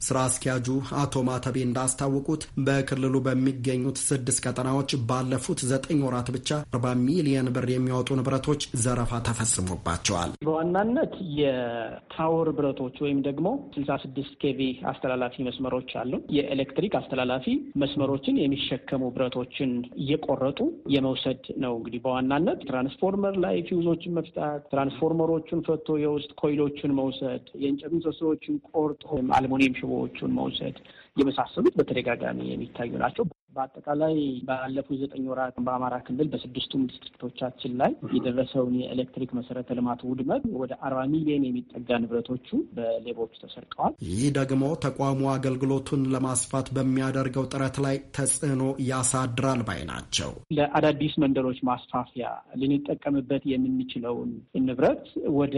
ስራ አስኪያጁ አቶ ማተቤ እንዳስታወቁት በክልሉ በሚገኙት ስድስት ቀጠናዎች ባለፉት ዘጠኝ ወራት ብቻ አርባ ሚሊየን ብር የሚያወጡ ንብረቶች ዘረፋ ተፈጽሞባቸዋል። በዋናነት የታወር ብረቶች ወይም ደግሞ ስልሳ ስድስት ኬቪ አስተላላፊ መስመሮች አሉ። የኤሌክትሪክ አስተላላፊ መስመሮችን የሚሸከሙ ብረቶችን እየቆረጡ የመውሰድ ነው። እንግዲህ በዋናነት ትራንስፎርመር ላይ ፊውዞችን መፍታት፣ ትራንስፎርመሮቹን ፈቶ የውስጥ ኮይሎችን መውሰድ፣ የእንጨት ምሰሶዎችን ቆርጦ አልሙኒየም ሽቦዎቹን መውሰድ የመሳሰሉት በተደጋጋሚ የሚታዩ ናቸው። በአጠቃላይ ባለፉት ዘጠኝ ወራት በአማራ ክልል በስድስቱም ዲስትሪክቶቻችን ላይ የደረሰውን የኤሌክትሪክ መሰረተ ልማት ውድመት ወደ አርባ ሚሊዮን የሚጠጋ ንብረቶቹ በሌቦቹ ተሰርቀዋል። ይህ ደግሞ ተቋሙ አገልግሎቱን ለማስፋት በሚያደርገው ጥረት ላይ ተጽዕኖ ያሳድራል ባይ ናቸው። ለአዳዲስ መንደሮች ማስፋፊያ ልንጠቀምበት የምንችለውን ንብረት ወደ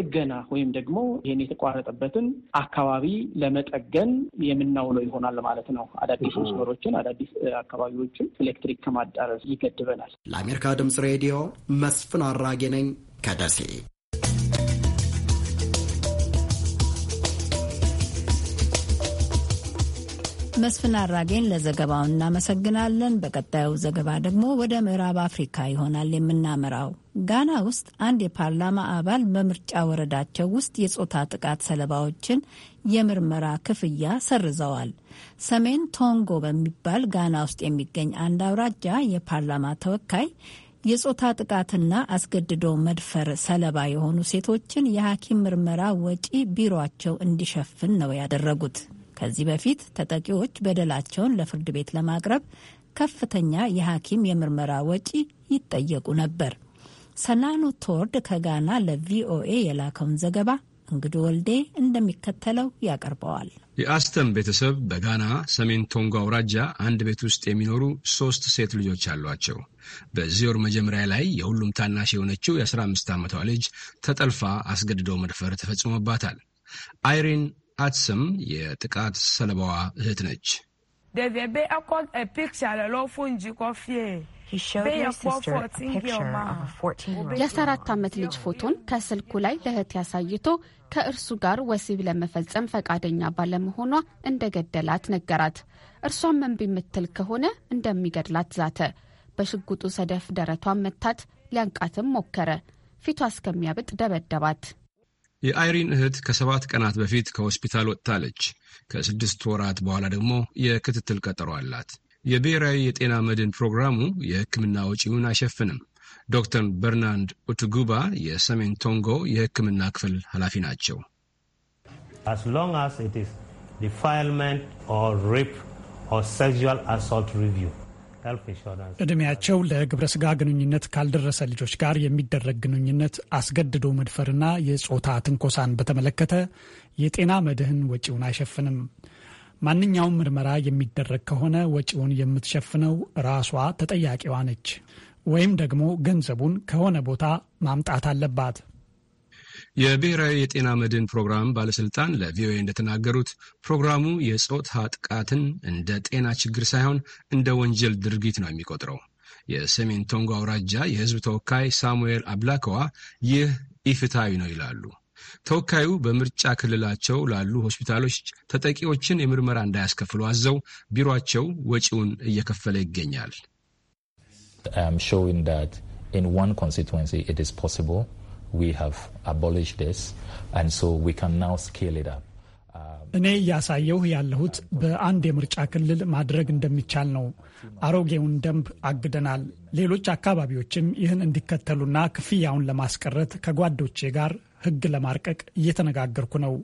ጥገና ወይም ደግሞ ይህን የተቋረጠበትን አካባቢ ለመጠገን የምናውለው ይሆናል ማለት ነው። አዳዲስ መስመሮችን፣ አዳዲስ አካባቢዎችን ኤሌክትሪክ ከማዳረስ ይገድበናል። ለአሜሪካ ድምጽ ሬዲዮ መስፍን አራጌ ነኝ ከደሴ። መስፍን አራጌን ለዘገባው እናመሰግናለን። በቀጣዩ ዘገባ ደግሞ ወደ ምዕራብ አፍሪካ ይሆናል የምናመራው። ጋና ውስጥ አንድ የፓርላማ አባል በምርጫ ወረዳቸው ውስጥ የጾታ ጥቃት ሰለባዎችን የምርመራ ክፍያ ሰርዘዋል። ሰሜን ቶንጎ በሚባል ጋና ውስጥ የሚገኝ አንድ አውራጃ የፓርላማ ተወካይ የጾታ ጥቃትና አስገድዶ መድፈር ሰለባ የሆኑ ሴቶችን የሐኪም ምርመራ ወጪ ቢሮቸው እንዲሸፍን ነው ያደረጉት። ከዚህ በፊት ተጠቂዎች በደላቸውን ለፍርድ ቤት ለማቅረብ ከፍተኛ የሐኪም የምርመራ ወጪ ይጠየቁ ነበር። ሰናኑ ቶርድ ከጋና ለቪኦኤ የላከውን ዘገባ እንግዱ ወልዴ እንደሚከተለው ያቀርበዋል። የአስተም ቤተሰብ በጋና ሰሜን ቶንጎ አውራጃ አንድ ቤት ውስጥ የሚኖሩ ሶስት ሴት ልጆች አሏቸው። በዚህ ወር መጀመሪያ ላይ የሁሉም ታናሽ የሆነችው የ15 ዓመቷ ልጅ ተጠልፋ አስገድደው መድፈር ተፈጽሞባታል። አይሪን አትስም የጥቃት ሰለባዋ እህት ነች። የአራት ዓመት ልጅ ፎቶን ከስልኩ ላይ ለእህት ያሳይቶ ከእርሱ ጋር ወሲብ ለመፈጸም ፈቃደኛ ባለመሆኗ እንደገደላት ነገራት። እርሷም መንብ የምትል ከሆነ እንደሚገድላት ዛተ። በሽጉጡ ሰደፍ ደረቷን መታት። ሊያንቃትም ሞከረ። ፊቷ እስከሚያብጥ ደበደባት። የአይሪን እህት ከሰባት ቀናት በፊት ከሆስፒታል ወጥታለች። ከስድስት ወራት በኋላ ደግሞ የክትትል ቀጠሮ አላት። የብሔራዊ የጤና መድን ፕሮግራሙ የሕክምና ወጪውን አይሸፍንም። ዶክተር በርናንድ ኡቱጉባ የሰሜን ቶንጎ የሕክምና ክፍል ኃላፊ ናቸው። ሪፕ ሴክሹዋል አሳልት ሪቪው ዕድሜያቸው ለግብረ ስጋ ግንኙነት ካልደረሰ ልጆች ጋር የሚደረግ ግንኙነት አስገድዶ መድፈርና የጾታ ትንኮሳን በተመለከተ የጤና መድህን ወጪውን አይሸፍንም። ማንኛውም ምርመራ የሚደረግ ከሆነ ወጪውን የምትሸፍነው ራሷ ተጠያቂዋ ነች፣ ወይም ደግሞ ገንዘቡን ከሆነ ቦታ ማምጣት አለባት። የብሔራዊ የጤና መድን ፕሮግራም ባለስልጣን ለቪኦኤ እንደተናገሩት ፕሮግራሙ የጾታ ጥቃትን እንደ ጤና ችግር ሳይሆን እንደ ወንጀል ድርጊት ነው የሚቆጥረው። የሰሜን ቶንጎ አውራጃ የህዝብ ተወካይ ሳሙኤል አብላከዋ ይህ ኢፍትሐዊ ነው ይላሉ። ተወካዩ በምርጫ ክልላቸው ላሉ ሆስፒታሎች ተጠቂዎችን የምርመራ እንዳያስከፍሉ አዘው ቢሮቸው ወጪውን እየከፈለ ይገኛል። እኔ እያሳየሁ ያለሁት በአንድ የምርጫ ክልል ማድረግ እንደሚቻል ነው። አሮጌውን ደንብ አግደናል። ሌሎች አካባቢዎችም ይህን እንዲከተሉና ክፍያውን ለማስቀረት ከጓዶቼ ጋር ሕግ ለማርቀቅ እየተነጋገርኩ ነው።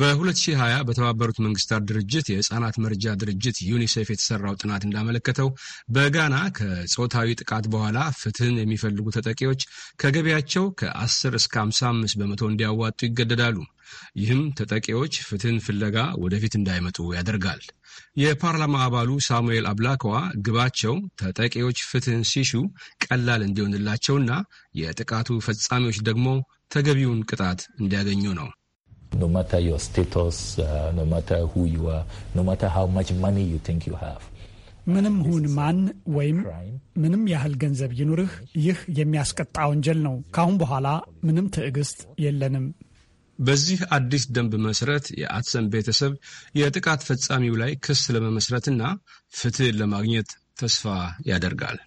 በ2020 በተባበሩት መንግስታት ድርጅት የህፃናት መርጃ ድርጅት ዩኒሴፍ የተሰራው ጥናት እንዳመለከተው በጋና ከጾታዊ ጥቃት በኋላ ፍትህን የሚፈልጉ ተጠቂዎች ከገቢያቸው ከ10 እስከ 55 በመቶ እንዲያዋጡ ይገደዳሉ። ይህም ተጠቂዎች ፍትህን ፍለጋ ወደፊት እንዳይመጡ ያደርጋል። የፓርላማ አባሉ ሳሙኤል አብላከዋ ግባቸው ተጠቂዎች ፍትህን ሲሹ ቀላል እንዲሆንላቸውና የጥቃቱ ፈጻሚዎች ደግሞ ተገቢውን ቅጣት እንዲያገኙ ነው። no matter your status, uh, no matter who you are, no matter how much money you think you have. ምንም ሁን ማን ወይም ምንም ያህል ገንዘብ ይኑርህ፣ ይህ የሚያስቀጣ ወንጀል ነው። ካሁን በኋላ ምንም ትዕግስት የለንም። በዚህ አዲስ ደንብ መሰረት የአትሰን ቤተሰብ የጥቃት ፈጻሚው ላይ ክስ ለመመስረትና ፍትህ ለማግኘት ተስፋ ያደርጋል።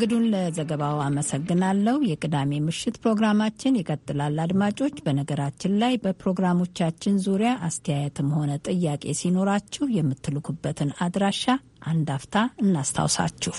እንግዱን ለዘገባው አመሰግናለሁ። የቅዳሜ ምሽት ፕሮግራማችን ይቀጥላል። አድማጮች፣ በነገራችን ላይ በፕሮግራሞቻችን ዙሪያ አስተያየትም ሆነ ጥያቄ ሲኖራችሁ የምትልኩበትን አድራሻ አንድ አፍታ እናስታውሳችሁ።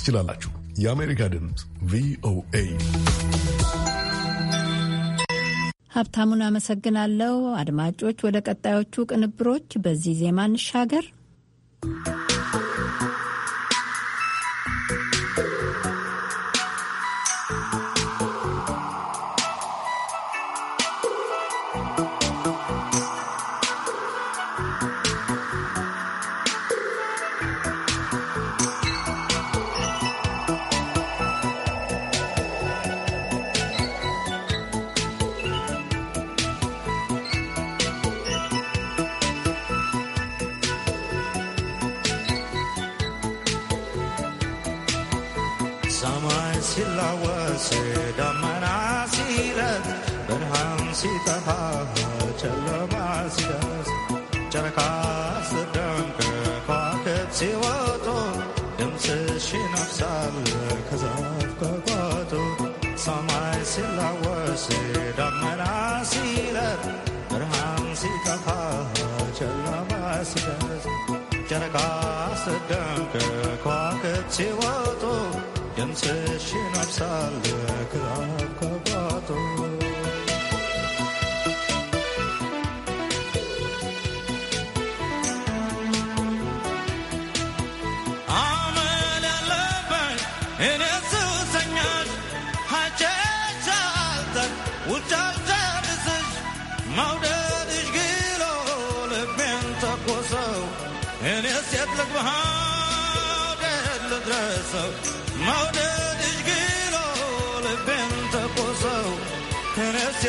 ትችላላችሁ። የአሜሪካ ድምፅ ቪኦኤ። ሀብታሙን አመሰግናለሁ። አድማጮች፣ ወደ ቀጣዮቹ ቅንብሮች በዚህ ዜማ እንሻገር። kaas dank kwa ke chiwa to yam se ሰው መውደድሽ ግሎ ልቤን ተቆሰው ከነስ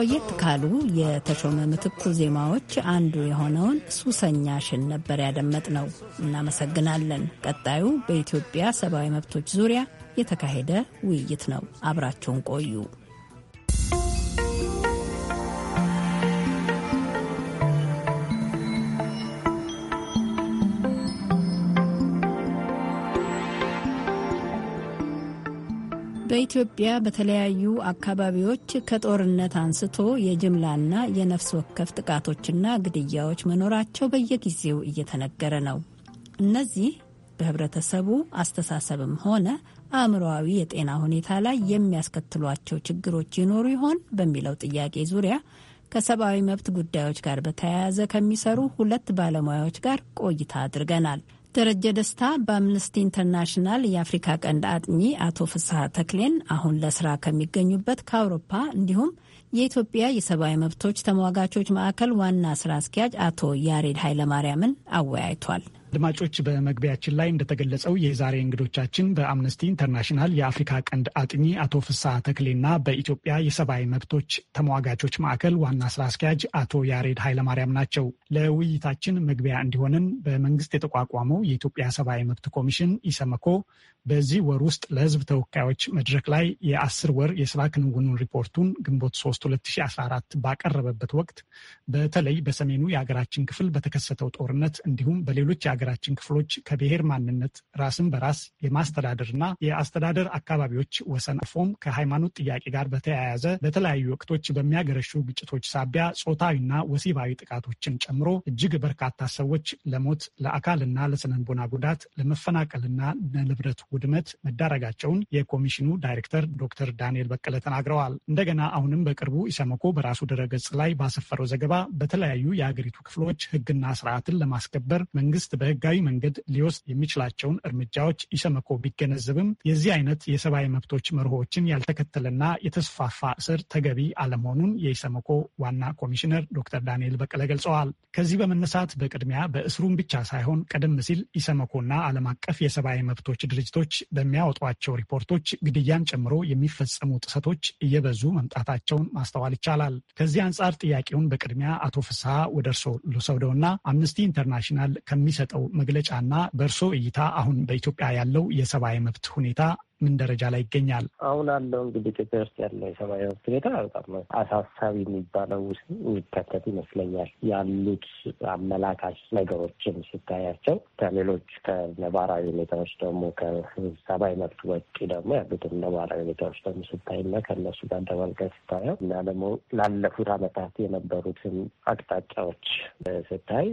ቆየት ካሉ የተሾመ ምትኩ ዜማዎች አንዱ የሆነውን ሱሰኛሽን ነበር ያደመጥ ነው። እናመሰግናለን። ቀጣዩ በኢትዮጵያ ሰብአዊ መብቶች ዙሪያ የተካሄደ ውይይት ነው። አብራቸውን ቆዩ። በኢትዮጵያ በተለያዩ አካባቢዎች ከጦርነት አንስቶ የጅምላና የነፍስ ወከፍ ጥቃቶችና ግድያዎች መኖራቸው በየጊዜው እየተነገረ ነው። እነዚህ በህብረተሰቡ አስተሳሰብም ሆነ አእምሮዊ የጤና ሁኔታ ላይ የሚያስከትሏቸው ችግሮች ይኖሩ ይሆን በሚለው ጥያቄ ዙሪያ ከሰብአዊ መብት ጉዳዮች ጋር በተያያዘ ከሚሰሩ ሁለት ባለሙያዎች ጋር ቆይታ አድርገናል። ደረጀ ደስታ በአምነስቲ ኢንተርናሽናል የአፍሪካ ቀንድ አጥኚ አቶ ፍስሐ ተክሌን አሁን ለስራ ከሚገኙበት ከአውሮፓ እንዲሁም የኢትዮጵያ የሰብአዊ መብቶች ተሟጋቾች ማዕከል ዋና ስራ አስኪያጅ አቶ ያሬድ ኃይለማርያምን አወያይቷል። አድማጮች በመግቢያችን ላይ እንደተገለጸው የዛሬ እንግዶቻችን በአምነስቲ ኢንተርናሽናል የአፍሪካ ቀንድ አጥኚ አቶ ፍሳ ተክሌና በኢትዮጵያ የሰብአዊ መብቶች ተሟጋቾች ማዕከል ዋና ስራ አስኪያጅ አቶ ያሬድ ኃይለማርያም ናቸው። ለውይይታችን መግቢያ እንዲሆንን በመንግስት የተቋቋመው የኢትዮጵያ ሰብአዊ መብት ኮሚሽን ኢሰመኮ በዚህ ወር ውስጥ ለህዝብ ተወካዮች መድረክ ላይ የአስር ወር የስራ ክንውኑን ሪፖርቱን ግንቦት 3 2014 ባቀረበበት ወቅት በተለይ በሰሜኑ የሀገራችን ክፍል በተከሰተው ጦርነት እንዲሁም በሌሎች የሀገራችን ክፍሎች ከብሔር ማንነት፣ ራስን በራስ የማስተዳደርና የአስተዳደር አካባቢዎች ወሰን አልፎም ከሃይማኖት ጥያቄ ጋር በተያያዘ በተለያዩ ወቅቶች በሚያገረሹ ግጭቶች ሳቢያ ጾታዊና ወሲባዊ ጥቃቶችን ጨምሮ እጅግ በርካታ ሰዎች ለሞት ለአካልና ለስነንቦና ጉዳት ለመፈናቀልና ለንብረት ውድመት መዳረጋቸውን የኮሚሽኑ ዳይሬክተር ዶክተር ዳንኤል በቀለ ተናግረዋል። እንደገና አሁንም በቅርቡ ኢሰመኮ በራሱ ድረገጽ ላይ ባሰፈረው ዘገባ በተለያዩ የአገሪቱ ክፍሎች ሕግና ስርዓትን ለማስከበር መንግስት በ በህጋዊ መንገድ ሊወስድ የሚችላቸውን እርምጃዎች ኢሰመኮ ቢገነዘብም የዚህ አይነት የሰብአዊ መብቶች መርሆዎችን ያልተከተለና የተስፋፋ እስር ተገቢ አለመሆኑን የኢሰመኮ ዋና ኮሚሽነር ዶክተር ዳንኤል በቀለ ገልጸዋል። ከዚህ በመነሳት በቅድሚያ በእስሩም ብቻ ሳይሆን ቀደም ሲል ኢሰመኮና ዓለም አቀፍ የሰብአዊ መብቶች ድርጅቶች በሚያወጧቸው ሪፖርቶች ግድያን ጨምሮ የሚፈጸሙ ጥሰቶች እየበዙ መምጣታቸውን ማስተዋል ይቻላል። ከዚህ አንጻር ጥያቄውን በቅድሚያ አቶ ፍስሐ ወደ እርሶ ልውሰደውና አምነስቲ ኢንተርናሽናል ከሚሰጠው በተሰጠው መግለጫና በእርሶ እይታ አሁን በኢትዮጵያ ያለው የሰብአዊ መብት ሁኔታ ምን ደረጃ ላይ ይገኛል? አሁን አለው እንግዲህ ኢትዮጵያ ውስጥ ያለው የሰብአዊ መብት ሁኔታ በጣም አሳሳቢ የሚባለው ውስጥ የሚከተት ይመስለኛል። ያሉት አመላካች ነገሮችን ሲታያቸው ከሌሎች ከነባራዊ ሁኔታዎች ደግሞ ከሰብአዊ መብት ወጪ ደግሞ ያሉትን ነባራዊ ሁኔታዎች ደግሞ ስታይና ከእነሱ ጋር ደባልቀህ ስታየው እና ደግሞ ላለፉት አመታት የነበሩትን አቅጣጫዎች ስታይ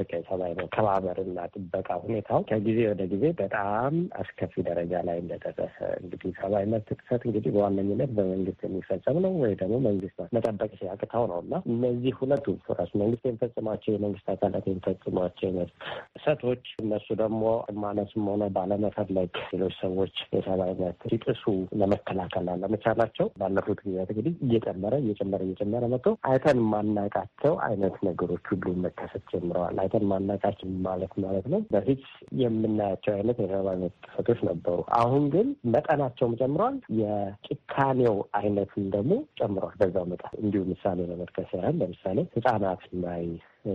በቃ የሰብአዊ መብት ከማህበርና ጥበቃ ሁኔታው ከጊዜ ወደ ጊዜ በጣም አስከፊ ደረጃ ላይ እንደደረሰ እንግዲህ ሰብአዊ መብት ጥሰት እንግዲህ በዋነኝነት በመንግስት የሚፈጸም ነው ወይ ደግሞ መንግስት መጠበቅ ሲያቅተው ነው እና እነዚህ ሁለቱ ራሱ መንግስት የሚፈጽማቸው የመንግስት አካላት የሚፈጽሟቸው የመብት ጥሰቶች እነሱ ደግሞ ማነስም ሆነ ባለመፈለግ ሌሎች ሰዎች የሰብአዊ መብት ሲጥሱ ለመከላከል አለመቻላቸው ባለፉት ጊዜያት እንግዲህ እየጨመረ እየጨመረ እየጨመረ መጥቶ አይተን ማናቃቸው አይነት ነገሮች ሁሉ መከሰት ጀምረዋል። አይተን ማናቃቸው ማለት ማለት ነው በፊት የምናያቸው አይነት የሰብአዊ መብት ጥሰቶች ነበሩ አሁን አሁን ግን መጠናቸውም ጨምሯል። የጭካኔው አይነትም ደግሞ ጨምሯል በዛው መጠን። እንዲሁ ምሳሌ ለመጥቀስ ያህል ለምሳሌ ህጻናት ናይ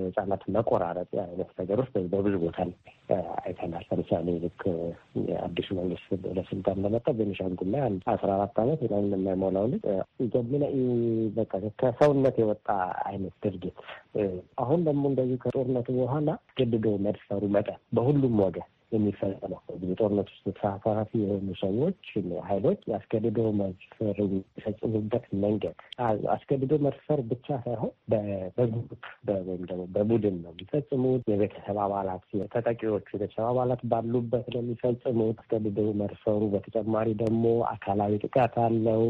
ህጻናት መቆራረጥ አይነት ነገሮች በብዙ ቦታ አይተናል። ለምሳሌ ልክ የአዲሱ መንግስት ለስልጣን ለመጣ ቤኒሻንጉል ላይ አንድ አስራ አራት አመት ምናምን የማይሞላው ልጅ ጀምነ በቃ ከሰውነት የወጣ አይነት ድርጊት አሁን ደግሞ እንደዚህ ከጦርነቱ በኋላ ገድዶ መድፈሩ መጠን በሁሉም ወገን የሚፈጸመው ጦርነት ውስጥ ተሳታፊ የሆኑ ሰዎች ኃይሎች አስገድዶ መድፈር የሚፈጽሙበት መንገድ አስገድዶ መድፈር ብቻ ሳይሆን በግሩፕ ወይም ደግሞ በቡድን ነው የሚፈጽሙት። የቤተሰብ አባላት ተጠቂዎቹ የቤተሰብ አባላት ባሉበት ነው የሚፈጽሙት። አስገድዶ መድፈሩ በተጨማሪ ደግሞ አካላዊ ጥቃት አለው።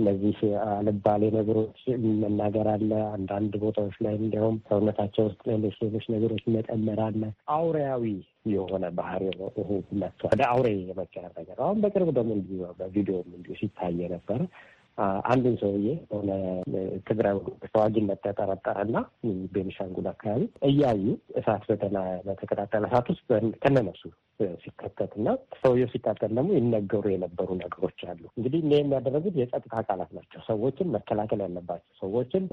እነዚህ አልባሌ ነገሮች መናገር አለ። አንዳንድ ቦታዎች ላይ እንዲያውም ሰውነታቸው ውስጥ ሌሎች ሌሎች ነገሮች መጠመር አለ። አውሬያዊ የሆነ ባህሪ መጥቷል። ወደ አውሬ የመቀረ ነገር አሁን በቅርብ ደግሞ እንዲሁ በቪዲዮም እንዲሁ ሲታይ ነበረ። አንድን ሰውዬ ሆነ ትግራይ ተዋጊን ተጠረጠረና ቤኒሻንጉል አካባቢ እያዩ እሳት በተና በተቀጣጠለ እሳት ውስጥ ከነነሱ ሲከተት እና ሰውየው ሲቃጠል ደግሞ ይነገሩ የነበሩ ነገሮች አሉ። እንግዲህ ይህ የሚያደረጉት የጸጥታ አካላት ናቸው። ሰዎችን መከላከል ያለባቸው ሰዎችን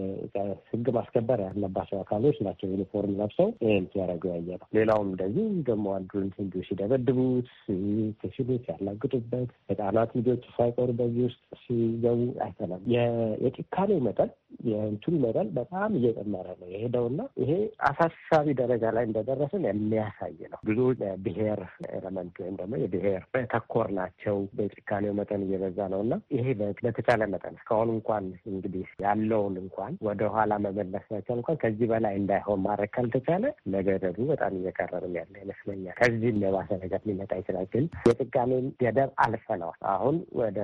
ህግ ማስከበር ያለባቸው አካሎች ናቸው። ዩኒፎርም ለብሰው ይህን ሲያደረጉ ያየ ነው። ሌላውም እንደዚህ ደግሞ አንዱን ህንዱ ሲደበድቡት ሲችሉት ሲያላግጡበት ህጻናት ልጆች ሳይቀሩ በዚህ ውስጥ ሲገቡ አይተናል። የጭካኔው መጠን የእንቱን መጠን በጣም እየጨመረ ነው የሄደውና ይሄ አሳሳቢ ደረጃ ላይ እንደደረስን የሚያሳይ ነው። ብዙ ብሔር ኤለመንት ወይም ደግሞ የብሄር ተኮር ናቸው። በጭካኔው መጠን እየበዛ ነው እና ይሄ በተቻለ መጠን እስካሁን እንኳን እንግዲህ ያለውን እንኳን ወደኋላ መመለስ መቻል እንኳን ከዚህ በላይ እንዳይሆን ማድረግ ካልተቻለ ነገደሉ በጣም እየቀረብን ያለ ይመስለኛል። ከዚህም የባሰ ነገር ሊመጣ ይችላል። ግን የጭካኔን ገደብ አልፈነዋል። አሁን ወደ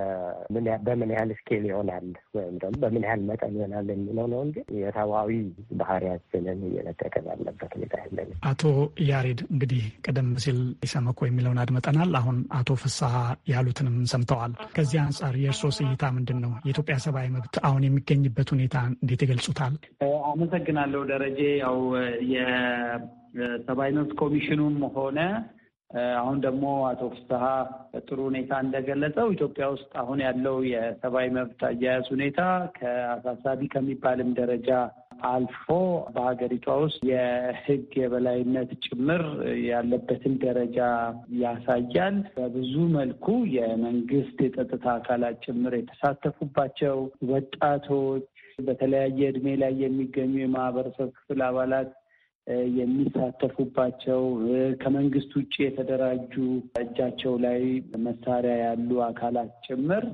በምን ያህል ስኬል ይሆናል ወይም ደግሞ በምን ያህል መጠን ይሆናል ይሆናል የሚለው ነው እንጂ የሰብአዊ ባህሪያችንን እየለቀቀ ያለበት ሁኔታ ያለን። አቶ ያሬድ እንግዲህ ቀደም ሲል ኢሰመኮ የሚለውን አድመጠናል። አሁን አቶ ፍስሀ ያሉትንም ሰምተዋል። ከዚህ አንጻር የእርሶስ እይታ ምንድን ነው? የኢትዮጵያ ሰብአዊ መብት አሁን የሚገኝበት ሁኔታ እንዴት ይገልጹታል? አመሰግናለሁ ደረጀ። ያው የሰብአዊ መብት ኮሚሽኑም ሆነ አሁን ደግሞ አቶ ፍስሀ በጥሩ ሁኔታ እንደገለጸው ኢትዮጵያ ውስጥ አሁን ያለው የሰብአዊ መብት አያያዝ ሁኔታ ከአሳሳቢ ከሚባልም ደረጃ አልፎ በሀገሪቷ ውስጥ የሕግ የበላይነት ጭምር ያለበትን ደረጃ ያሳያል። በብዙ መልኩ የመንግስት የጸጥታ አካላት ጭምር የተሳተፉባቸው ወጣቶች በተለያየ እድሜ ላይ የሚገኙ የማህበረሰብ ክፍል አባላት የሚሳተፉባቸው ከመንግስት ውጭ የተደራጁ እጃቸው ላይ መሳሪያ ያሉ አካላት ጭምር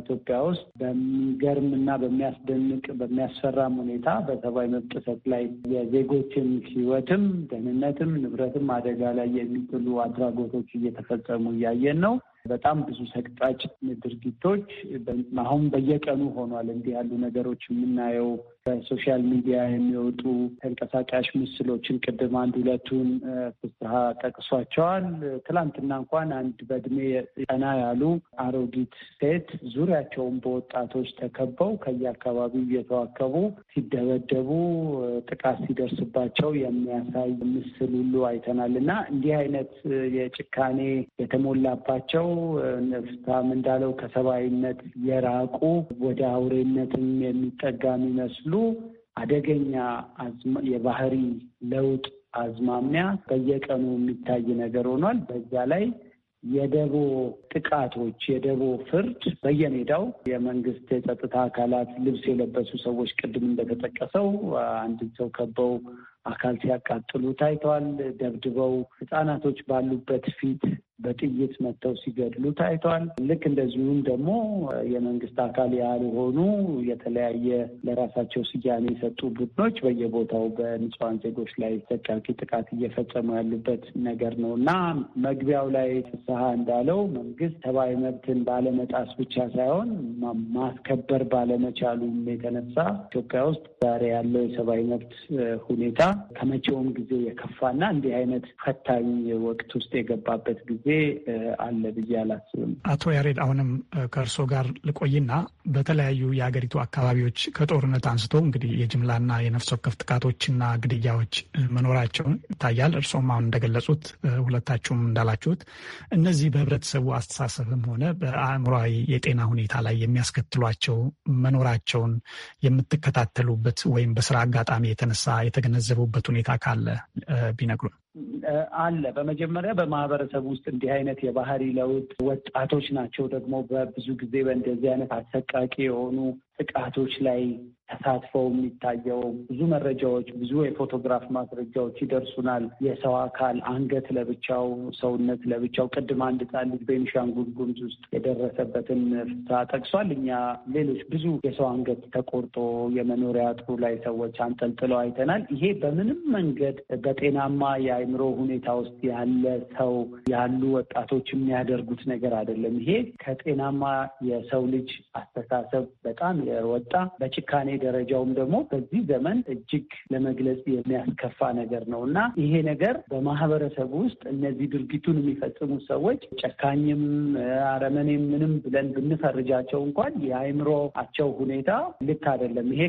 ኢትዮጵያ ውስጥ በሚገርም እና በሚያስደንቅ በሚያስፈራም ሁኔታ በሰብአዊ መብት ጥሰት ላይ የዜጎችን ሕይወትም ደህንነትም ንብረትም አደጋ ላይ የሚጥሉ አድራጎቶች እየተፈጸሙ እያየን ነው። በጣም ብዙ ሰቅጣጭ ድርጊቶች አሁን በየቀኑ ሆኗል። እንዲህ ያሉ ነገሮች የምናየው በሶሻል ሚዲያ የሚወጡ ተንቀሳቃሽ ምስሎችን ቅድም አንድ ሁለቱን ፍስሀ ጠቅሷቸዋል። ትላንትና እንኳን አንድ በእድሜ ጠና ያሉ አሮጊት ሴት ዙሪያቸውን በወጣቶች ተከበው ከየአካባቢው እየተዋከቡ ሲደበደቡ፣ ጥቃት ሲደርስባቸው የሚያሳይ ምስል ሁሉ አይተናል እና እንዲህ አይነት የጭካኔ የተሞላባቸው ነፍስታም እንዳለው ከሰብአዊነት የራቁ ወደ አውሬነትም የሚጠጋ የሚመስሉ አደገኛ የባህሪ ለውጥ አዝማሚያ በየቀኑ የሚታይ ነገር ሆኗል። በዛ ላይ የደቦ ጥቃቶች፣ የደቦ ፍርድ በየሜዳው የመንግስት የጸጥታ አካላት ልብስ የለበሱ ሰዎች ቅድም እንደተጠቀሰው አንድን ሰው ከበው አካል ሲያቃጥሉ ታይተዋል። ደብድበው ህጻናቶች ባሉበት ፊት በጥይት መጥተው ሲገድሉ ታይተዋል። ልክ እንደዚሁም ደግሞ የመንግስት አካል ያልሆኑ የተለያየ ለራሳቸው ስያሜ የሰጡ ቡድኖች በየቦታው በንጹሐን ዜጎች ላይ ሰቃቂ ጥቃት እየፈጸሙ ያሉበት ነገር ነው እና መግቢያው ላይ ፍስሀ እንዳለው መንግስት ሰብአዊ መብትን ባለመጣስ ብቻ ሳይሆን ማስከበር ባለመቻሉም የተነሳ ኢትዮጵያ ውስጥ ዛሬ ያለው የሰብአዊ መብት ሁኔታ ከመቼውም ጊዜ የከፋና እንዲህ አይነት ፈታኝ ወቅት ውስጥ የገባበት ጊዜ አለ ብዬ አላስብም። አቶ ያሬድ አሁንም ከእርሶ ጋር ልቆይና በተለያዩ የሀገሪቱ አካባቢዎች ከጦርነት አንስቶ እንግዲህ የጅምላና የነፍስ ወከፍ ጥቃቶችና ግድያዎች መኖራቸውን ይታያል። እርሶም አሁን እንደገለጹት ሁለታችሁም እንዳላችሁት እነዚህ በህብረተሰቡ አስተሳሰብም ሆነ በአእምሯዊ የጤና ሁኔታ ላይ የሚያስከትሏቸው መኖራቸውን የምትከታተሉበት ወይም በስራ አጋጣሚ የተነሳ የተገነዘበ የሚሰሩበት ሁኔታ ካለ ቢነግሩን። አለ በመጀመሪያ በማህበረሰብ ውስጥ እንዲህ አይነት የባህሪ ለውጥ ወጣቶች ናቸው ደግሞ በብዙ ጊዜ በእንደዚህ አይነት አሰቃቂ የሆኑ ጥቃቶች ላይ ተሳትፈው የሚታየው ብዙ መረጃዎች፣ ብዙ የፎቶግራፍ ማስረጃዎች ይደርሱናል። የሰው አካል አንገት ለብቻው፣ ሰውነት ለብቻው። ቅድም አንድ ሕፃን ልጅ ቤኒሻንጉል ጉሙዝ ውስጥ የደረሰበትን ፍሳ ጠቅሷል። እኛ ሌሎች ብዙ የሰው አንገት ተቆርጦ የመኖሪያ ጥሩ ላይ ሰዎች አንጠልጥለው አይተናል። ይሄ በምንም መንገድ በጤናማ የአእምሮ ሁኔታ ውስጥ ያለ ሰው ያሉ ወጣቶች የሚያደርጉት ነገር አይደለም። ይሄ ከጤናማ የሰው ልጅ አስተሳሰብ በጣም የወጣ በጭካኔ ደረጃውም ደግሞ በዚህ ዘመን እጅግ ለመግለጽ የሚያስከፋ ነገር ነው እና ይሄ ነገር በማህበረሰቡ ውስጥ እነዚህ ድርጊቱን የሚፈጽሙ ሰዎች ጨካኝም አረመኔም ምንም ብለን ብንፈርጃቸው እንኳን የአእምሮአቸው ሁኔታ ልክ አይደለም። ይሄ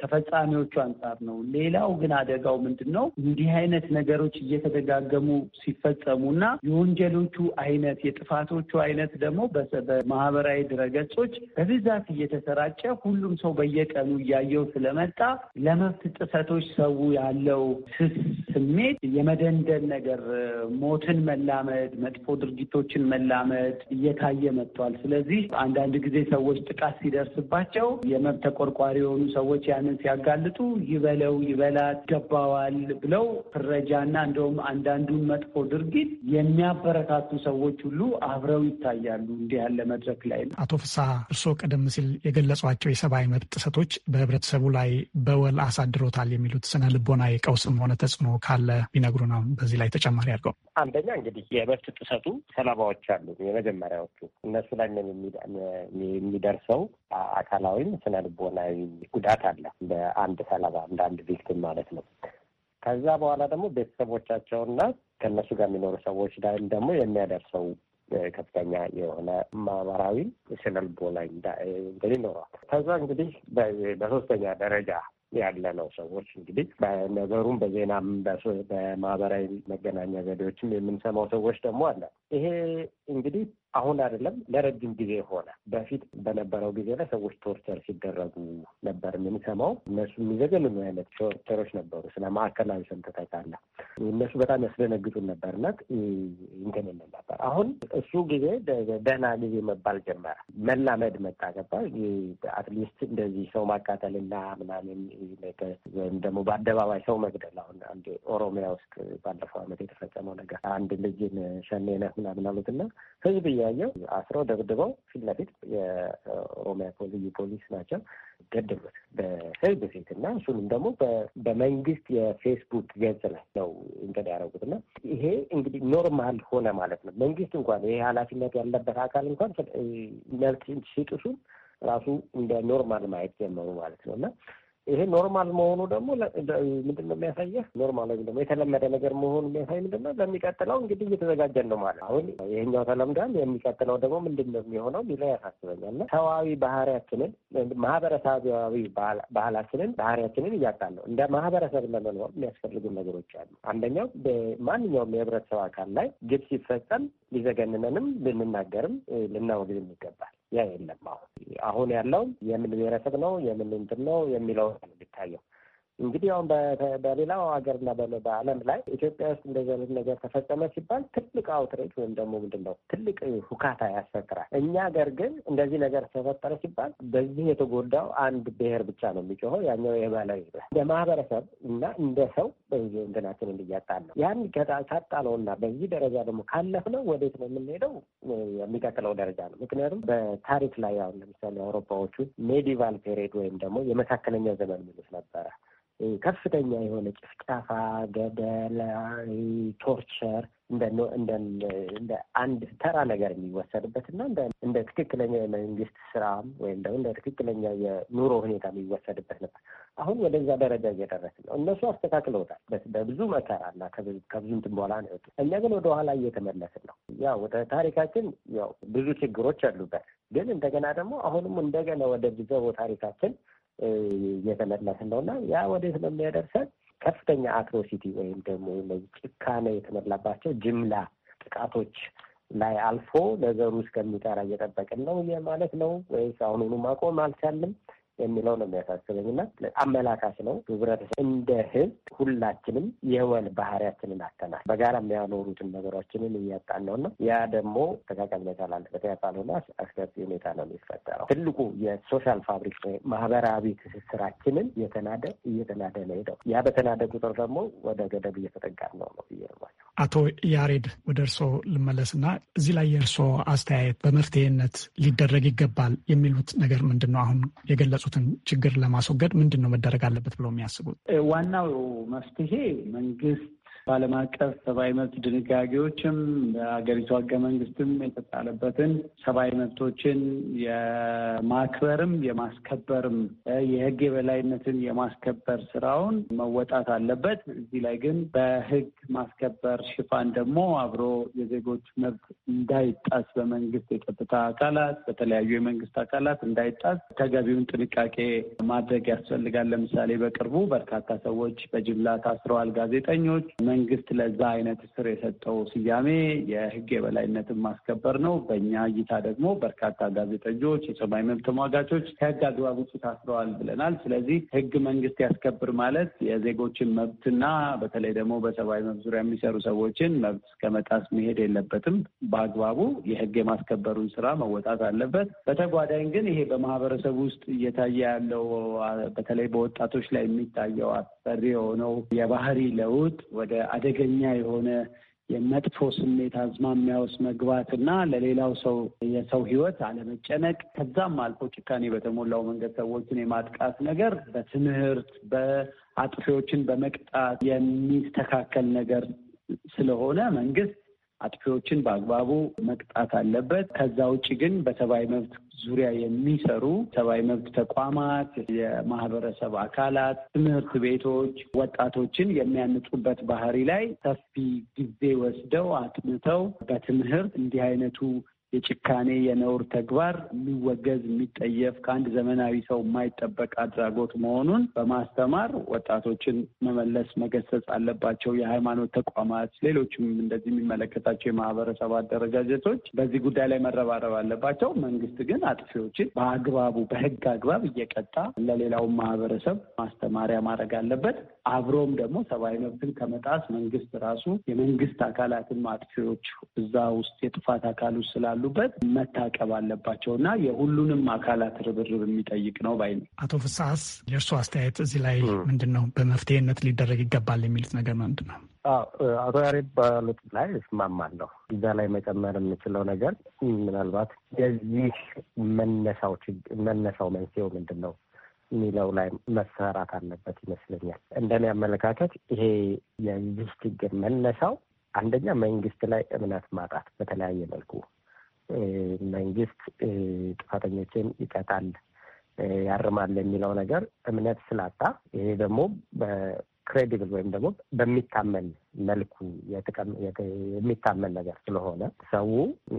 ከፈጻሚዎቹ አንጻር ነው። ሌላው ግን አደጋው ምንድን ነው? እንዲህ አይነት ነገሮች እየተደጋገሙ ሲፈጸሙ እና የወንጀሎቹ አይነት የጥፋቶቹ አይነት ደግሞ በማህበራዊ ድረገጾች በብዛት እየተሰራጨ ሁሉም ሰው በየቀኑ እያየው ስለመጣ ለመብት ጥሰቶች ሰው ያለው ስስ ስሜት የመደንደን ነገር፣ ሞትን መላመድ፣ መጥፎ ድርጊቶችን መላመድ እየታየ መጥቷል። ስለዚህ አንዳንድ ጊዜ ሰዎች ጥቃት ሲደርስባቸው የመብት ተቆርቋሪ የሆኑ ሰዎች ያንን ሲያጋልጡ ይበለው ይበላት ገባዋል ብለው ፍረጃና እንደውም አንዳንዱን መጥፎ ድርጊት የሚያበረታቱ ሰዎች ሁሉ አብረው ይታያሉ እንዲህ ያለ መድረክ ላይ አቶ ፍስሐ እርስዎ ቀደም ሲል የገለጿቸው የሚደርሳቸው የሰብአዊ መብት ጥሰቶች በህብረተሰቡ ላይ በወል አሳድሮታል የሚሉት ስነ ልቦናዊ የቀውስም ሆነ ተጽዕኖ ካለ ቢነግሩ ነው። በዚህ ላይ ተጨማሪ አድርገው። አንደኛ እንግዲህ የመብት ጥሰቱ ሰለባዎች አሉ። የመጀመሪያዎቹ እነሱ ላይ የሚደርሰው አካላዊም ስነ ልቦናዊ ጉዳት አለ፣ እንደ አንድ ሰለባ እንደ አንድ ቪክቲም ማለት ነው። ከዛ በኋላ ደግሞ ቤተሰቦቻቸውና ከእነሱ ጋር የሚኖሩ ሰዎች ደግሞ የሚያደርሰው ከፍተኛ የሆነ ማህበራዊ ላይ እንግዲህ ይኖረዋል። ከዛ እንግዲህ በሶስተኛ ደረጃ ያለ ነው። ሰዎች እንግዲህ በነገሩም በዜናም በማህበራዊ መገናኛ ዘዴዎችም የምንሰማው ሰዎች ደግሞ አለ። ይሄ እንግዲህ አሁን አይደለም ለረጅም ጊዜ ሆነ። በፊት በነበረው ጊዜ ላይ ሰዎች ቶርቸር ሲደረጉ ነበር የምንሰማው። እነሱ የሚዘገንኑ አይነት ቶርቸሮች ነበሩ። ስለ ማዕከላዊ ሰምተህ ታውቃለህ? እነሱ በጣም ያስደነግጡን ነበርና እንትን እንል ነበር። አሁን እሱ ጊዜ ደህና ጊዜ መባል ጀመረ። መላመድ መጣ። ገባ አትሊስት እንደዚህ ሰው ማቃጠልና ምናምን ወይም ደግሞ በአደባባይ ሰው መግደል አሁን አንድ ኦሮሚያ ውስጥ ባለፈው ዓመት የተፈጸመው ነገር አንድ ልጅን ሸኔነህ ምናምን አሉትና ህዝብ ያየው አስረው ደብድበው ፊት ለፊት የኦሮሚያ ልዩ ፖሊስ ናቸው ገደሉት በህዝብ ፊት እና እሱንም ደግሞ በመንግስት የፌስቡክ ገጽ ላይ ነው እንግዲህ ያደረጉት እና ይሄ እንግዲህ ኖርማል ሆነ ማለት ነው። መንግስት እንኳን ይሄ ኃላፊነት ያለበት አካል እንኳን መልክ ሲጥሱም ራሱ እንደ ኖርማል ማየት ጀመሩ ማለት ነው እና ይሄ ኖርማል መሆኑ ደግሞ ምንድን ነው የሚያሳየህ? ኖርማል ወይም ደግሞ የተለመደ ነገር መሆኑ የሚያሳይ ምንድን ነው? ለሚቀጥለው እንግዲህ እየተዘጋጀን ነው ማለት አሁን ይህኛው ተለምዷል፣ የሚቀጥለው ደግሞ ምንድን ነው የሚሆነው የሚለው ያሳስበኛልና ሰዋዊ ባህሪያችንን ማህበረሰባዊ ባህላችንን ባህሪያችንን እያጣለው እንደ ማህበረሰብ ለመኖር የሚያስፈልጉን ነገሮች አሉ። አንደኛው በማንኛውም የህብረተሰብ አካል ላይ ግብ ሲፈጸም ሊዘገንነንም ልንናገርም ልናወግዝም ይገባል። ያ የለም። አሁን አሁን ያለው የምን ብሔረሰብ ነው የምን እንትን ነው የሚለው ነው የሚታየው። እንግዲህ አሁን በሌላው ሀገርና በዓለም ላይ ኢትዮጵያ ውስጥ እንደዚህ አይነት ነገር ተፈጸመ ሲባል ትልቅ አውትሬጅ ወይም ደግሞ ምንድን ነው ትልቅ ሁካታ ያስፈጥራል። እኛ ሀገር ግን እንደዚህ ነገር ተፈጠረ ሲባል በዚህ የተጎዳው አንድ ብሔር ብቻ ነው የሚጮኸው፣ ያኛው የባህላዊ እንደ ማህበረሰብ እና እንደ ሰው እንትናችን እንድያጣ ነው ያን ካጣነው እና በዚህ ደረጃ ደግሞ ካለፍነው ወዴት ነው የምንሄደው? የሚቀጥለው ደረጃ ነው። ምክንያቱም በታሪክ ላይ አሁን ለምሳሌ አውሮፓዎቹ ሜዲቫል ፔሬድ ወይም ደግሞ የመካከለኛ ዘመን ሚሉት ነበረ ከፍተኛ የሆነ ጭፍጨፋ፣ ገደል፣ ቶርቸር እንደ አንድ ተራ ነገር የሚወሰድበት እና እንደ ትክክለኛ የመንግስት ስራ ወይም ደግሞ እንደ ትክክለኛ የኑሮ ሁኔታ የሚወሰድበት ነበር። አሁን ወደዛ ደረጃ እየደረስ ነው። እነሱ አስተካክለውታል። በብዙ መከራ እና ከብዙ እንትን በኋላ ነው የወጡት። እኛ ግን ወደ ኋላ እየተመለስን ነው። ያው ወደ ታሪካችን ያው ብዙ ችግሮች አሉበት። ግን እንደገና ደግሞ አሁንም እንደገና ወደ ብዘቦ ታሪካችን እየተመለስ እንደውና ያ ወዴት ነው የሚያደርሰን? ከፍተኛ አትሮሲቲ ወይም ደግሞ ጭካኔ የተመላባቸው ጅምላ ጥቃቶች ላይ አልፎ ነገሩ እስከሚጠራ እየጠበቅን ነው ማለት ነው ወይስ አሁኑኑ ማቆም አልቻልም? የሚለው ነው የሚያሳስበኝ እና አመላካች ነው። ህብረተሰብ እንደ ህዝብ ሁላችንም የወል ባህሪያችንን አተናል በጋራ የሚያኖሩትን ነገሮችንን እያጣን ነው እና ያ ደግሞ ተቃቀምነት አላለበት ያልሆነ አስከፊ ሁኔታ ነው የሚፈጠረው። ትልቁ የሶሻል ፋብሪክ ማህበራዊ ትስስራችንን እየተናደ እየተናደ ነው ሄደው ያ በተናደ ቁጥር ደግሞ ወደ ገደብ እየተጠጋ ነው ነው ብዬ አቶ ያሬድ ወደ እርስዎ ልመለስና እዚህ ላይ የእርስዎ አስተያየት በመፍትሄነት ሊደረግ ይገባል የሚሉት ነገር ምንድን ነው? አሁን የገለጹ የሚያነሱትን ችግር ለማስወገድ ምንድን ነው መደረግ አለበት ብለው የሚያስቡት? ዋናው መፍትሄ መንግስት በዓለም አቀፍ ሰብአዊ መብት ድንጋጌዎችም በሀገሪቱ ህገ መንግስትም የተጣለበትን ሰብአዊ መብቶችን የማክበርም የማስከበርም የህግ የበላይነትን የማስከበር ስራውን መወጣት አለበት። እዚህ ላይ ግን በህግ ማስከበር ሽፋን ደግሞ አብሮ የዜጎች መብት እንዳይጣስ በመንግስት የጸጥታ አካላት በተለያዩ የመንግስት አካላት እንዳይጣስ ተገቢውን ጥንቃቄ ማድረግ ያስፈልጋል። ለምሳሌ በቅርቡ በርካታ ሰዎች በጅምላ ታስረዋል። ጋዜጠኞች መንግስት ለዛ አይነት ስር የሰጠው ስያሜ የህግ የበላይነትን ማስከበር ነው። በእኛ እይታ ደግሞ በርካታ ጋዜጠኞች፣ የሰብአዊ መብት ተሟጋቾች ከህግ አግባብ ውጭ ታስረዋል ብለናል። ስለዚህ ህግ መንግስት ያስከብር ማለት የዜጎችን መብትና በተለይ ደግሞ በሰብአዊ መብት ዙሪያ የሚሰሩ ሰዎችን መብት መጣስ መሄድ የለበትም። በአግባቡ የህግ የማስከበሩን ስራ መወጣት አለበት። በተጓዳኝ ግን ይሄ በማህበረሰቡ ውስጥ እየታየ ያለው በተለይ በወጣቶች ላይ የሚታየው አስፈሪ የሆነው የባህሪ ለውጥ ወደ አደገኛ የሆነ የመጥፎ ስሜት አዝማሚያ ውስጥ መግባት እና ለሌላው ሰው የሰው ህይወት አለመጨነቅ ከዛም አልፎ ጭካኔ በተሞላው መንገድ ሰዎችን የማጥቃት ነገር በትምህርት በአጥፊዎችን በመቅጣት የሚስተካከል ነገር ስለሆነ መንግስት አጥፊዎችን በአግባቡ መቅጣት አለበት። ከዛ ውጭ ግን በሰብአዊ መብት ዙሪያ የሚሰሩ ሰብአዊ መብት ተቋማት፣ የማህበረሰብ አካላት፣ ትምህርት ቤቶች ወጣቶችን የሚያንጹበት ባህሪ ላይ ሰፊ ጊዜ ወስደው አጥንተው በትምህርት እንዲህ አይነቱ የጭካኔ የነውር ተግባር የሚወገዝ የሚጠየፍ ከአንድ ዘመናዊ ሰው የማይጠበቅ አድራጎት መሆኑን በማስተማር ወጣቶችን መመለስ መገሰጽ አለባቸው። የሃይማኖት ተቋማት፣ ሌሎችም እንደዚህ የሚመለከታቸው የማህበረሰብ አደረጃጀቶች በዚህ ጉዳይ ላይ መረባረብ አለባቸው። መንግስት ግን አጥፊዎችን በአግባቡ በህግ አግባብ እየቀጣ ለሌላውን ማህበረሰብ ማስተማሪያ ማድረግ አለበት። አብሮም ደግሞ ሰብአዊ መብትን ከመጣስ መንግስት ራሱ የመንግስት አካላትን ማጥፊዎች እዛ ውስጥ የጥፋት ውስጥ ስላሉ ባሉበት መታቀብ አለባቸው እና የሁሉንም አካላት ርብርብ የሚጠይቅ ነው ባይ አቶ ፍስሐስ የእርሱ አስተያየት እዚህ ላይ ምንድን ነው? በመፍትሄነት ሊደረግ ይገባል የሚሉት ነገር ምንድን ነው? አቶ ያሬድ ባሉት ላይ እስማማለሁ። እዛ ላይ መጨመር የምችለው ነገር ምናልባት የዚህ መነሳው መነሳው መንስኤው ምንድን ነው የሚለው ላይ መሰራት አለበት ይመስለኛል። እንደኔ አመለካከት ይሄ የዚህ ችግር መነሳው አንደኛ መንግስት ላይ እምነት ማጣት በተለያየ መልኩ መንግስት ጥፋተኞችን ይቀጣል፣ ያርማል የሚለው ነገር እምነት ስላጣ ይሄ ደግሞ ክሬዲብል ወይም ደግሞ በሚታመን መልኩ የሚታመን ነገር ስለሆነ ሰው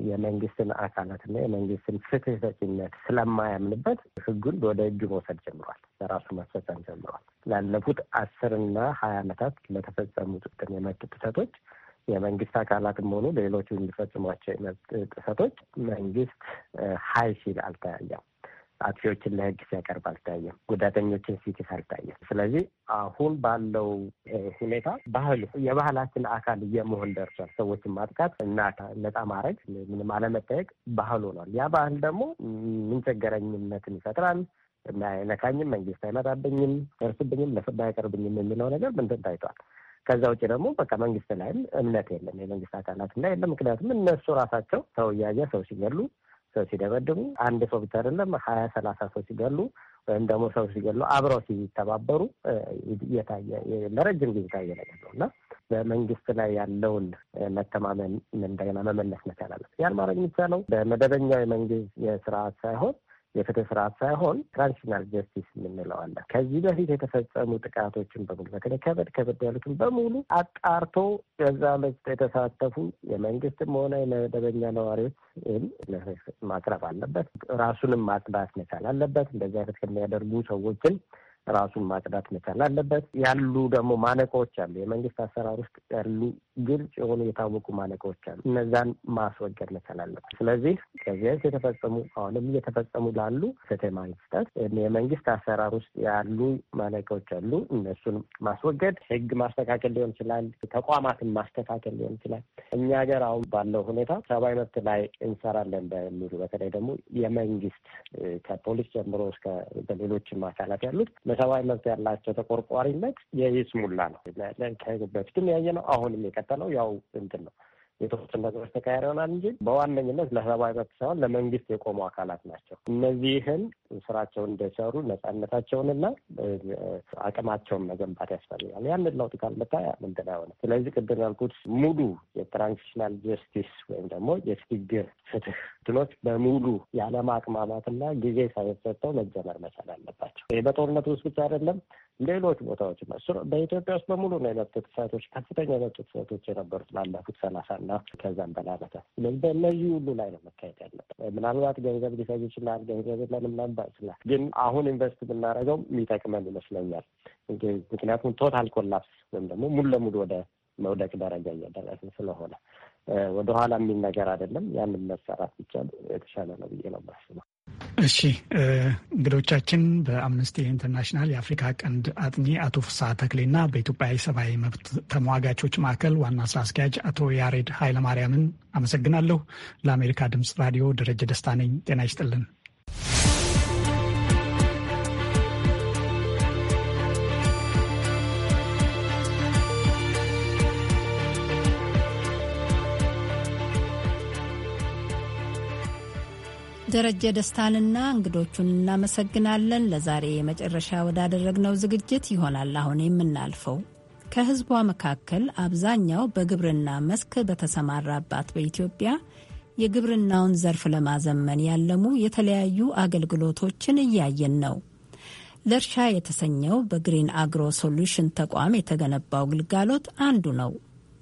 የመንግስትን አካላትና የመንግስትን ፍትህ ሰጪነት ስለማያምንበት ህጉን ወደ እጁ መውሰድ ጀምሯል፣ ለራሱ መፈጸም ጀምሯል። ላለፉት አስርና ሀያ ለተፈጸሙ ለተፈጸሙት የመጡ ጥሰቶች የመንግስት አካላትም ሆኑ ሌሎቹ የሚፈጽሟቸው የመብት ጥሰቶች መንግስት ሀይ ሲል አልተያየም። አጥፊዎችን ለህግ ሲያቀርብ አልታየም። ጉዳተኞችን ሲክስ አልታየም። ስለዚህ አሁን ባለው ሁኔታ ባህሉ የባህላችን አካል እየመሆን ደርሷል። ሰዎችን ማጥቃት እና ነጻ ማድረግ ምንም አለመጠየቅ ባህል ሆኗል። ያ ባህል ደግሞ ምንቸገረኝነትን ይፈጥራል። አይነካኝም፣ መንግስት አይመጣብኝም፣ ደርስብኝም፣ ለፍርድ አይቀርብኝም የሚለው ነገር ምንድን ታይቷል። ከዛ ውጭ ደግሞ በቃ መንግስት ላይም እምነት የለም፣ የመንግስት አካላትም ላይ የለም። ምክንያቱም እነሱ ራሳቸው ሰው እያየ ሰው ሲገሉ፣ ሰው ሲደበድቡ፣ አንድ ሰው ብቻ አይደለም ሀያ ሰላሳ ሰው ሲገሉ ወይም ደግሞ ሰው ሲገሉ አብረው ሲተባበሩ የታየ ለረጅም ጊዜ ታየ ነገር ነው እና በመንግስት ላይ ያለውን መተማመን እንደገና መመለስ መቻል አለበት። ያን ማድረግ የሚቻለው በመደበኛው የመንግስት የስርዓት ሳይሆን የፍትህ ስርዓት ሳይሆን ትራዲሽናል ጀስቲስ የምንለዋለን። ከዚህ በፊት የተፈጸሙ ጥቃቶችን በሙሉ በተለይ ከበድ ከበድ ያሉትን በሙሉ አጣርቶ በዛ ውስጥ የተሳተፉ የመንግስትም ሆነ የመደበኛ ነዋሪዎች ማቅረብ አለበት። ራሱንም ማጽዳት መቻል አለበት። እንደዚህ አይነት ከሚያደርጉ ሰዎችን ራሱን ማጽዳት መቻል አለበት። ያሉ ደግሞ ማነቆዎች አሉ። የመንግስት አሰራር ውስጥ ያሉ ግልጽ የሆኑ የታወቁ ማነቆዎች አሉ። እነዛን ማስወገድ መቻል አለብን። ስለዚህ ከዚህ በፊት የተፈጸሙ አሁንም እየተፈጸሙ ላሉ ፍትህ ማግስታት የመንግስት አሰራር ውስጥ ያሉ ማነቆዎች አሉ። እነሱን ማስወገድ ህግ ማስተካከል ሊሆን ይችላል። ተቋማትን ማስተካከል ሊሆን ይችላል። እኛ ሀገር አሁን ባለው ሁኔታ ሰብአዊ መብት ላይ እንሰራለን በሚሉ በተለይ ደግሞ የመንግስት ከፖሊስ ጀምሮ እስከ በሌሎችም አካላት ያሉት ለሰብአዊ መብት ያላቸው ተቆርቋሪነት የይስሙላ ነው። በፊትም ያየ ነው። አሁንም የቀ የሚከተለው ያው እንትን ነው የተወሰኑ ነገሮች ተካሄደ ይሆናል እንጂ በዋነኝነት ለሰብአዊ መብት ሳይሆን ለመንግስት የቆሙ አካላት ናቸው። እነዚህን ስራቸውን እንደሰሩ ነጻነታቸውንና አቅማቸውን መገንባት ያስፈልጋል። ያንን ለውጥ ካልመጣ ምንድን አይሆንም። ስለዚህ ቅድም ያልኩት ሙሉ የትራንዚሽናል ጀስቲስ ወይም ደግሞ የሽግግር ፍትህ ድሎች በሙሉ ያለማቅማማትና ጊዜ ሳይሰጠው መጀመር መቻል አለባቸው። ይህ በጦርነቱ ውስጥ ብቻ አይደለም። ሌሎች ቦታዎች በኢትዮጵያ ውስጥ በሙሉ ነው የመብት ጥሰቶች ከፍተኛ የመብት ጥሰቶች የነበሩት ላለፉት ሰላሳ ሰላሳና ከዛም በላይ ስለዚህ በእነዚህ ሁሉ ላይ ነው መካሄድ ያለበት። ምናልባት ገንዘብ ሊፈጅ ይችላል፣ ገንዘብ ለንም ላባ ይችላል። ግን አሁን ኢንቨስት ብናደርገው የሚጠቅመን ይመስለኛል። ምክንያቱም ቶታል ኮላፕስ ወይም ደግሞ ሙሉ ለሙሉ ወደ መውደቅ ደረጃ እያደረስን ስለሆነ ወደኋላ የሚል ነገር አይደለም። ያንን መሰራት ብቻ የተሻለ ነው ብዬ ነው የማስበው። እሺ እንግዶቻችን በአምነስቲ ኢንተርናሽናል የአፍሪካ ቀንድ አጥኚ አቶ ፍስሐ ተክሌና በኢትዮጵያ የሰብአዊ መብት ተሟጋቾች ማዕከል ዋና ስራ አስኪያጅ አቶ ያሬድ ኃይለማርያምን አመሰግናለሁ። ለአሜሪካ ድምፅ ራዲዮ ደረጀ ደስታ ነኝ። ጤና ይስጥልን። ደረጀ ደስታንና እንግዶቹን እናመሰግናለን። ለዛሬ የመጨረሻ ወዳደረግነው ዝግጅት ይሆናል አሁን የምናልፈው። ከህዝቧ መካከል አብዛኛው በግብርና መስክ በተሰማራባት በኢትዮጵያ የግብርናውን ዘርፍ ለማዘመን ያለሙ የተለያዩ አገልግሎቶችን እያየን ነው። ለእርሻ የተሰኘው በግሪን አግሮ ሶሉሽን ተቋም የተገነባው ግልጋሎት አንዱ ነው።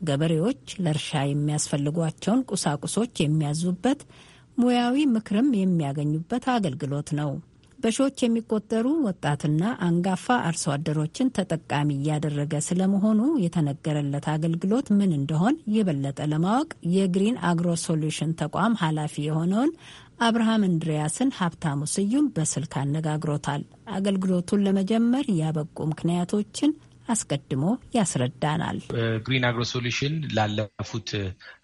ገበሬዎች ለእርሻ የሚያስፈልጓቸውን ቁሳቁሶች የሚያዙበት ሙያዊ ምክርም የሚያገኙበት አገልግሎት ነው። በሺዎች የሚቆጠሩ ወጣትና አንጋፋ አርሶ አደሮችን ተጠቃሚ እያደረገ ስለመሆኑ የተነገረለት አገልግሎት ምን እንደሆን የበለጠ ለማወቅ የግሪን አግሮ ሶሉሽን ተቋም ኃላፊ የሆነውን አብርሃም እንድሪያስን ሀብታሙ ስዩም በስልክ አነጋግሮታል። አገልግሎቱን ለመጀመር ያበቁ ምክንያቶችን አስቀድሞ ያስረዳናል። ግሪን አግሮ ሶሉሽን ላለፉት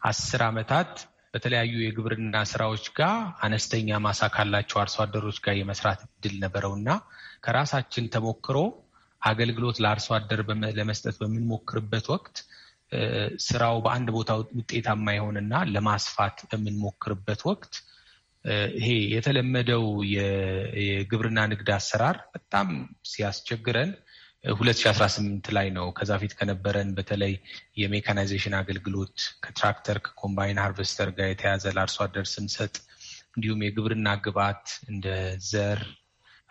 አስር ዓመታት በተለያዩ የግብርና ስራዎች ጋር አነስተኛ ማሳ ካላቸው አርሶ አደሮች ጋር የመስራት እድል ነበረው እና ከራሳችን ተሞክሮ አገልግሎት ለአርሶ አደር ለመስጠት በምንሞክርበት ወቅት ስራው በአንድ ቦታ ውጤታማ የሆነና ለማስፋት በምንሞክርበት ወቅት ይሄ የተለመደው የግብርና ንግድ አሰራር በጣም ሲያስቸግረን 2018 ላይ ነው ከዛ ፊት ከነበረን በተለይ የሜካናይዜሽን አገልግሎት ከትራክተር ከኮምባይን ሃርቨስተር ጋር የተያዘ ለአርሶ አደር ስንሰጥ እንዲሁም የግብርና ግብዓት እንደ ዘር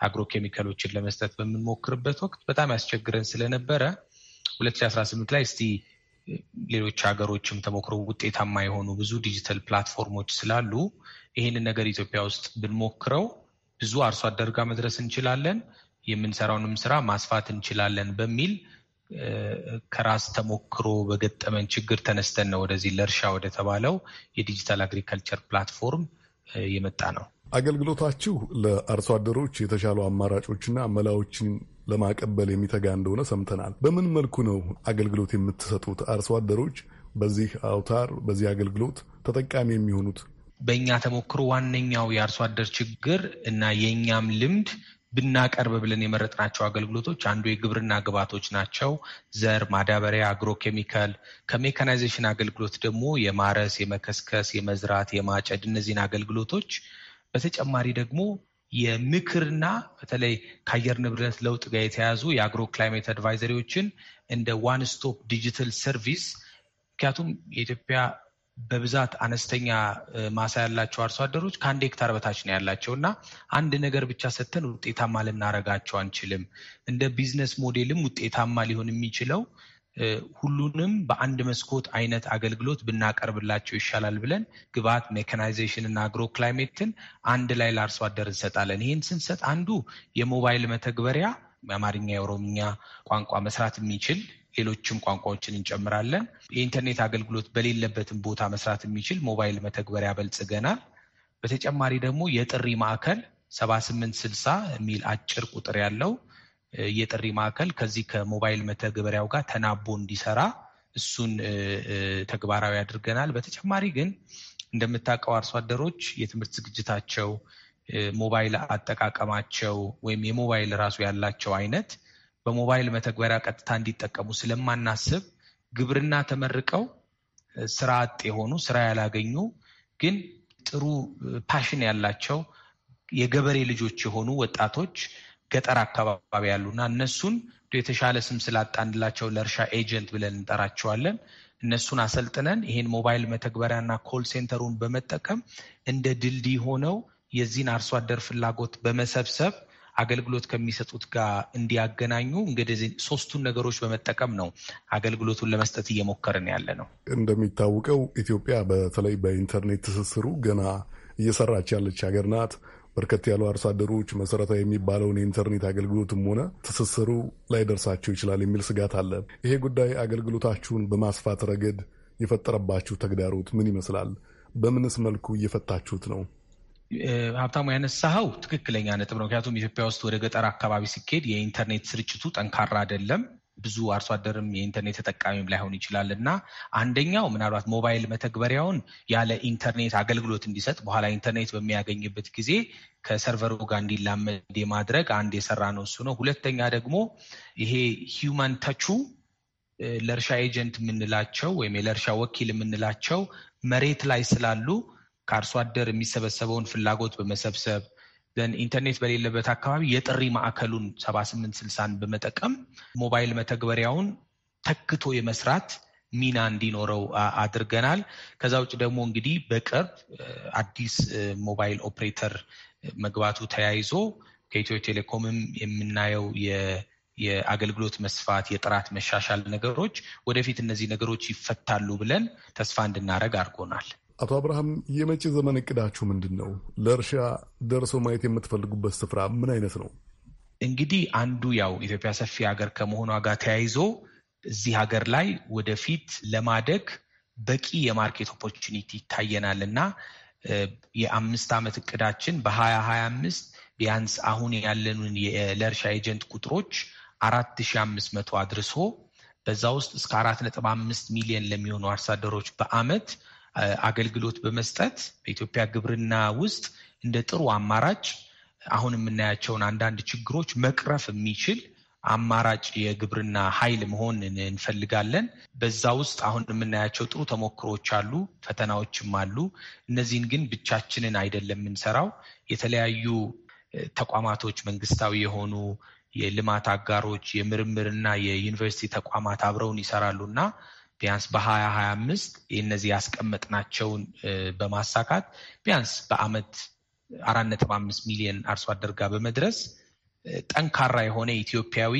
አግሮ ኬሚካሎችን ለመስጠት በምንሞክርበት ወቅት በጣም ያስቸግረን ስለነበረ 2018 ላይ እስቲ ሌሎች ሀገሮችም ተሞክሮ ውጤታማ የሆኑ ብዙ ዲጂታል ፕላትፎርሞች ስላሉ ይህንን ነገር ኢትዮጵያ ውስጥ ብንሞክረው ብዙ አርሶ አደር ጋር መድረስ እንችላለን። የምንሰራውንም ስራ ማስፋት እንችላለን በሚል ከራስ ተሞክሮ በገጠመን ችግር ተነስተን ነው ወደዚህ ለእርሻ ወደተባለው የዲጂታል አግሪካልቸር ፕላትፎርም የመጣ ነው። አገልግሎታችሁ ለአርሶ አደሮች የተሻሉ አማራጮችና መላዎችን ለማቀበል የሚተጋ እንደሆነ ሰምተናል። በምን መልኩ ነው አገልግሎት የምትሰጡት? አርሶ አደሮች በዚህ አውታር በዚህ አገልግሎት ተጠቃሚ የሚሆኑት? በእኛ ተሞክሮ ዋነኛው የአርሶ አደር ችግር እና የእኛም ልምድ ብናቀርብ ብለን የመረጥናቸው አገልግሎቶች አንዱ የግብርና ግብዓቶች ናቸው። ዘር፣ ማዳበሪያ፣ አግሮ ኬሚካል። ከሜካናይዜሽን አገልግሎት ደግሞ የማረስ፣ የመከስከስ፣ የመዝራት፣ የማጨድ እነዚህን አገልግሎቶች በተጨማሪ ደግሞ የምክርና በተለይ ከአየር ንብረት ለውጥ ጋር የተያዙ የአግሮ ክላይሜት አድቫይዘሪዎችን እንደ ዋን ስቶፕ ዲጂታል ሰርቪስ ምክንያቱም የኢትዮጵያ በብዛት አነስተኛ ማሳ ያላቸው አርሶ አደሮች ከአንድ ሄክታር በታች ነው ያላቸው እና አንድ ነገር ብቻ ሰጥተን ውጤታማ ልናረጋቸው አንችልም። እንደ ቢዝነስ ሞዴልም ውጤታማ ሊሆን የሚችለው ሁሉንም በአንድ መስኮት አይነት አገልግሎት ብናቀርብላቸው ይሻላል ብለን ግብአት፣ ሜካናይዜሽን እና አግሮ ክላይሜትን አንድ ላይ ለአርሶ አደር እንሰጣለን። ይህን ስንሰጥ አንዱ የሞባይል መተግበሪያ የአማርኛ የኦሮምኛ ቋንቋ መስራት የሚችል ሌሎችም ቋንቋዎችን እንጨምራለን። የኢንተርኔት አገልግሎት በሌለበትም ቦታ መስራት የሚችል ሞባይል መተግበሪያ በልጽገናል። በተጨማሪ ደግሞ የጥሪ ማዕከል ሰባ ስምንት ስልሳ የሚል አጭር ቁጥር ያለው የጥሪ ማዕከል ከዚህ ከሞባይል መተግበሪያው ጋር ተናቦ እንዲሰራ እሱን ተግባራዊ አድርገናል። በተጨማሪ ግን እንደምታውቀው አርሶ አደሮች የትምህርት ዝግጅታቸው ሞባይል አጠቃቀማቸው ወይም የሞባይል ራሱ ያላቸው አይነት በሞባይል መተግበሪያ ቀጥታ እንዲጠቀሙ ስለማናስብ ግብርና ተመርቀው ስራ አጥ የሆኑ ስራ ያላገኙ ግን ጥሩ ፓሽን ያላቸው የገበሬ ልጆች የሆኑ ወጣቶች ገጠር አካባቢ ያሉና እነሱን የተሻለ ስም ስላጣንላቸው ለእርሻ ኤጀንት ብለን እንጠራቸዋለን። እነሱን አሰልጥነን ይሄን ሞባይል መተግበሪያና ኮል ሴንተሩን በመጠቀም እንደ ድልድይ ሆነው የዚህን አርሶ አደር ፍላጎት በመሰብሰብ አገልግሎት ከሚሰጡት ጋር እንዲያገናኙ እንግዲህ ሶስቱን ነገሮች በመጠቀም ነው አገልግሎቱን ለመስጠት እየሞከርን ያለ ነው። እንደሚታወቀው ኢትዮጵያ በተለይ በኢንተርኔት ትስስሩ ገና እየሰራች ያለች ሀገር ናት። በርከት ያሉ አርሶ አደሮች መሰረታዊ የሚባለውን የኢንተርኔት አገልግሎትም ሆነ ትስስሩ ላይደርሳቸው ይችላል የሚል ስጋት አለ። ይሄ ጉዳይ አገልግሎታችሁን በማስፋት ረገድ የፈጠረባችሁ ተግዳሮት ምን ይመስላል? በምንስ መልኩ እየፈታችሁት ነው? ሀብታሙ ያነሳኸው ትክክለኛ ነጥብ ነው። ምክንያቱም ኢትዮጵያ ውስጥ ወደ ገጠር አካባቢ ሲካሄድ የኢንተርኔት ስርጭቱ ጠንካራ አይደለም። ብዙ አርሶ አደርም የኢንተርኔት ተጠቃሚም ላይሆን ይችላል እና አንደኛው ምናልባት ሞባይል መተግበሪያውን ያለ ኢንተርኔት አገልግሎት እንዲሰጥ በኋላ ኢንተርኔት በሚያገኝበት ጊዜ ከሰርቨሩ ጋር እንዲላመድ የማድረግ አንድ የሰራ ነው እሱ ነው። ሁለተኛ ደግሞ ይሄ ሂውማን ተቹ ለእርሻ ኤጀንት የምንላቸው ወይም የለእርሻ ወኪል የምንላቸው መሬት ላይ ስላሉ ከአርሶ አደር የሚሰበሰበውን ፍላጎት በመሰብሰብ ዘን ኢንተርኔት በሌለበት አካባቢ የጥሪ ማዕከሉን ሰባ ስምንት ስልሳን በመጠቀም ሞባይል መተግበሪያውን ተክቶ የመስራት ሚና እንዲኖረው አድርገናል። ከዛ ውጭ ደግሞ እንግዲህ በቅርብ አዲስ ሞባይል ኦፕሬተር መግባቱ ተያይዞ ከኢትዮ ቴሌኮምም የምናየው የአገልግሎት መስፋት፣ የጥራት መሻሻል ነገሮች ወደፊት እነዚህ ነገሮች ይፈታሉ ብለን ተስፋ እንድናደረግ አድርጎናል። አቶ አብርሃም የመጪ ዘመን እቅዳችሁ ምንድን ነው? ለእርሻ ደርሶ ማየት የምትፈልጉበት ስፍራ ምን አይነት ነው? እንግዲህ አንዱ ያው ኢትዮጵያ ሰፊ ሀገር ከመሆኗ ጋር ተያይዞ እዚህ ሀገር ላይ ወደፊት ለማደግ በቂ የማርኬት ኦፖርቹኒቲ ይታየናል እና የአምስት ዓመት እቅዳችን በሀያ ሀያ አምስት ቢያንስ አሁን ያለንን ለእርሻ ኤጀንት ቁጥሮች አራት ሺ አምስት መቶ አድርሶ በዛ ውስጥ እስከ አራት ነጥብ አምስት ሚሊዮን ለሚሆኑ አርሶ አደሮች በአመት አገልግሎት በመስጠት በኢትዮጵያ ግብርና ውስጥ እንደ ጥሩ አማራጭ አሁን የምናያቸውን አንዳንድ ችግሮች መቅረፍ የሚችል አማራጭ የግብርና ኃይል መሆን እንፈልጋለን። በዛ ውስጥ አሁን የምናያቸው ጥሩ ተሞክሮች አሉ፣ ፈተናዎችም አሉ። እነዚህን ግን ብቻችንን አይደለም የምንሰራው። የተለያዩ ተቋማቶች፣ መንግስታዊ የሆኑ የልማት አጋሮች፣ የምርምርና የዩኒቨርሲቲ ተቋማት አብረውን ይሰራሉ እና ቢያንስ በ 2025 አምስት የእነዚህ ያስቀመጥናቸውን በማሳካት ቢያንስ በአመት አራት ነጥብ አምስት ሚሊዮን አርሶ አደር ጋር በመድረስ ጠንካራ የሆነ ኢትዮጵያዊ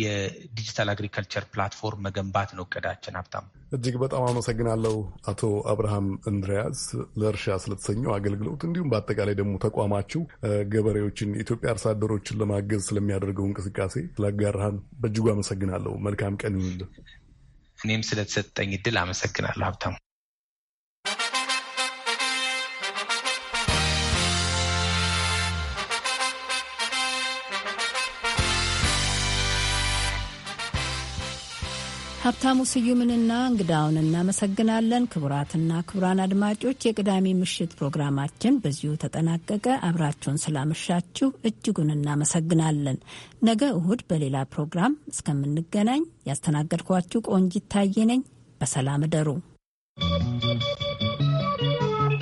የዲጂታል አግሪካልቸር ፕላትፎርም መገንባት ነው እቅዳችን። ሀብታም እጅግ በጣም አመሰግናለሁ አቶ አብርሃም እንድሪያስ ለእርሻ ስለተሰኘው አገልግሎት እንዲሁም በአጠቃላይ ደግሞ ተቋማችሁ ገበሬዎችን የኢትዮጵያ አርሶ አደሮችን ለማገዝ ስለሚያደርገው እንቅስቃሴ ስላጋራሃን በእጅጉ አመሰግናለሁ። መልካም ቀን ይሁንልን። እኔም ስለተሰጠኝ እድል አመሰግናለሁ ሀብታሙ። ሀብታሙ ስዩምንና እንግዳውን እናመሰግናለን። ክቡራትና ክቡራን አድማጮች የቅዳሜ ምሽት ፕሮግራማችን በዚሁ ተጠናቀቀ። አብራችሁን ስላመሻችሁ እጅጉን እናመሰግናለን። ነገ እሁድ በሌላ ፕሮግራም እስከምንገናኝ ያስተናገድኳችሁ ቆንጂት ታዬ ነኝ። በሰላም እደሩ።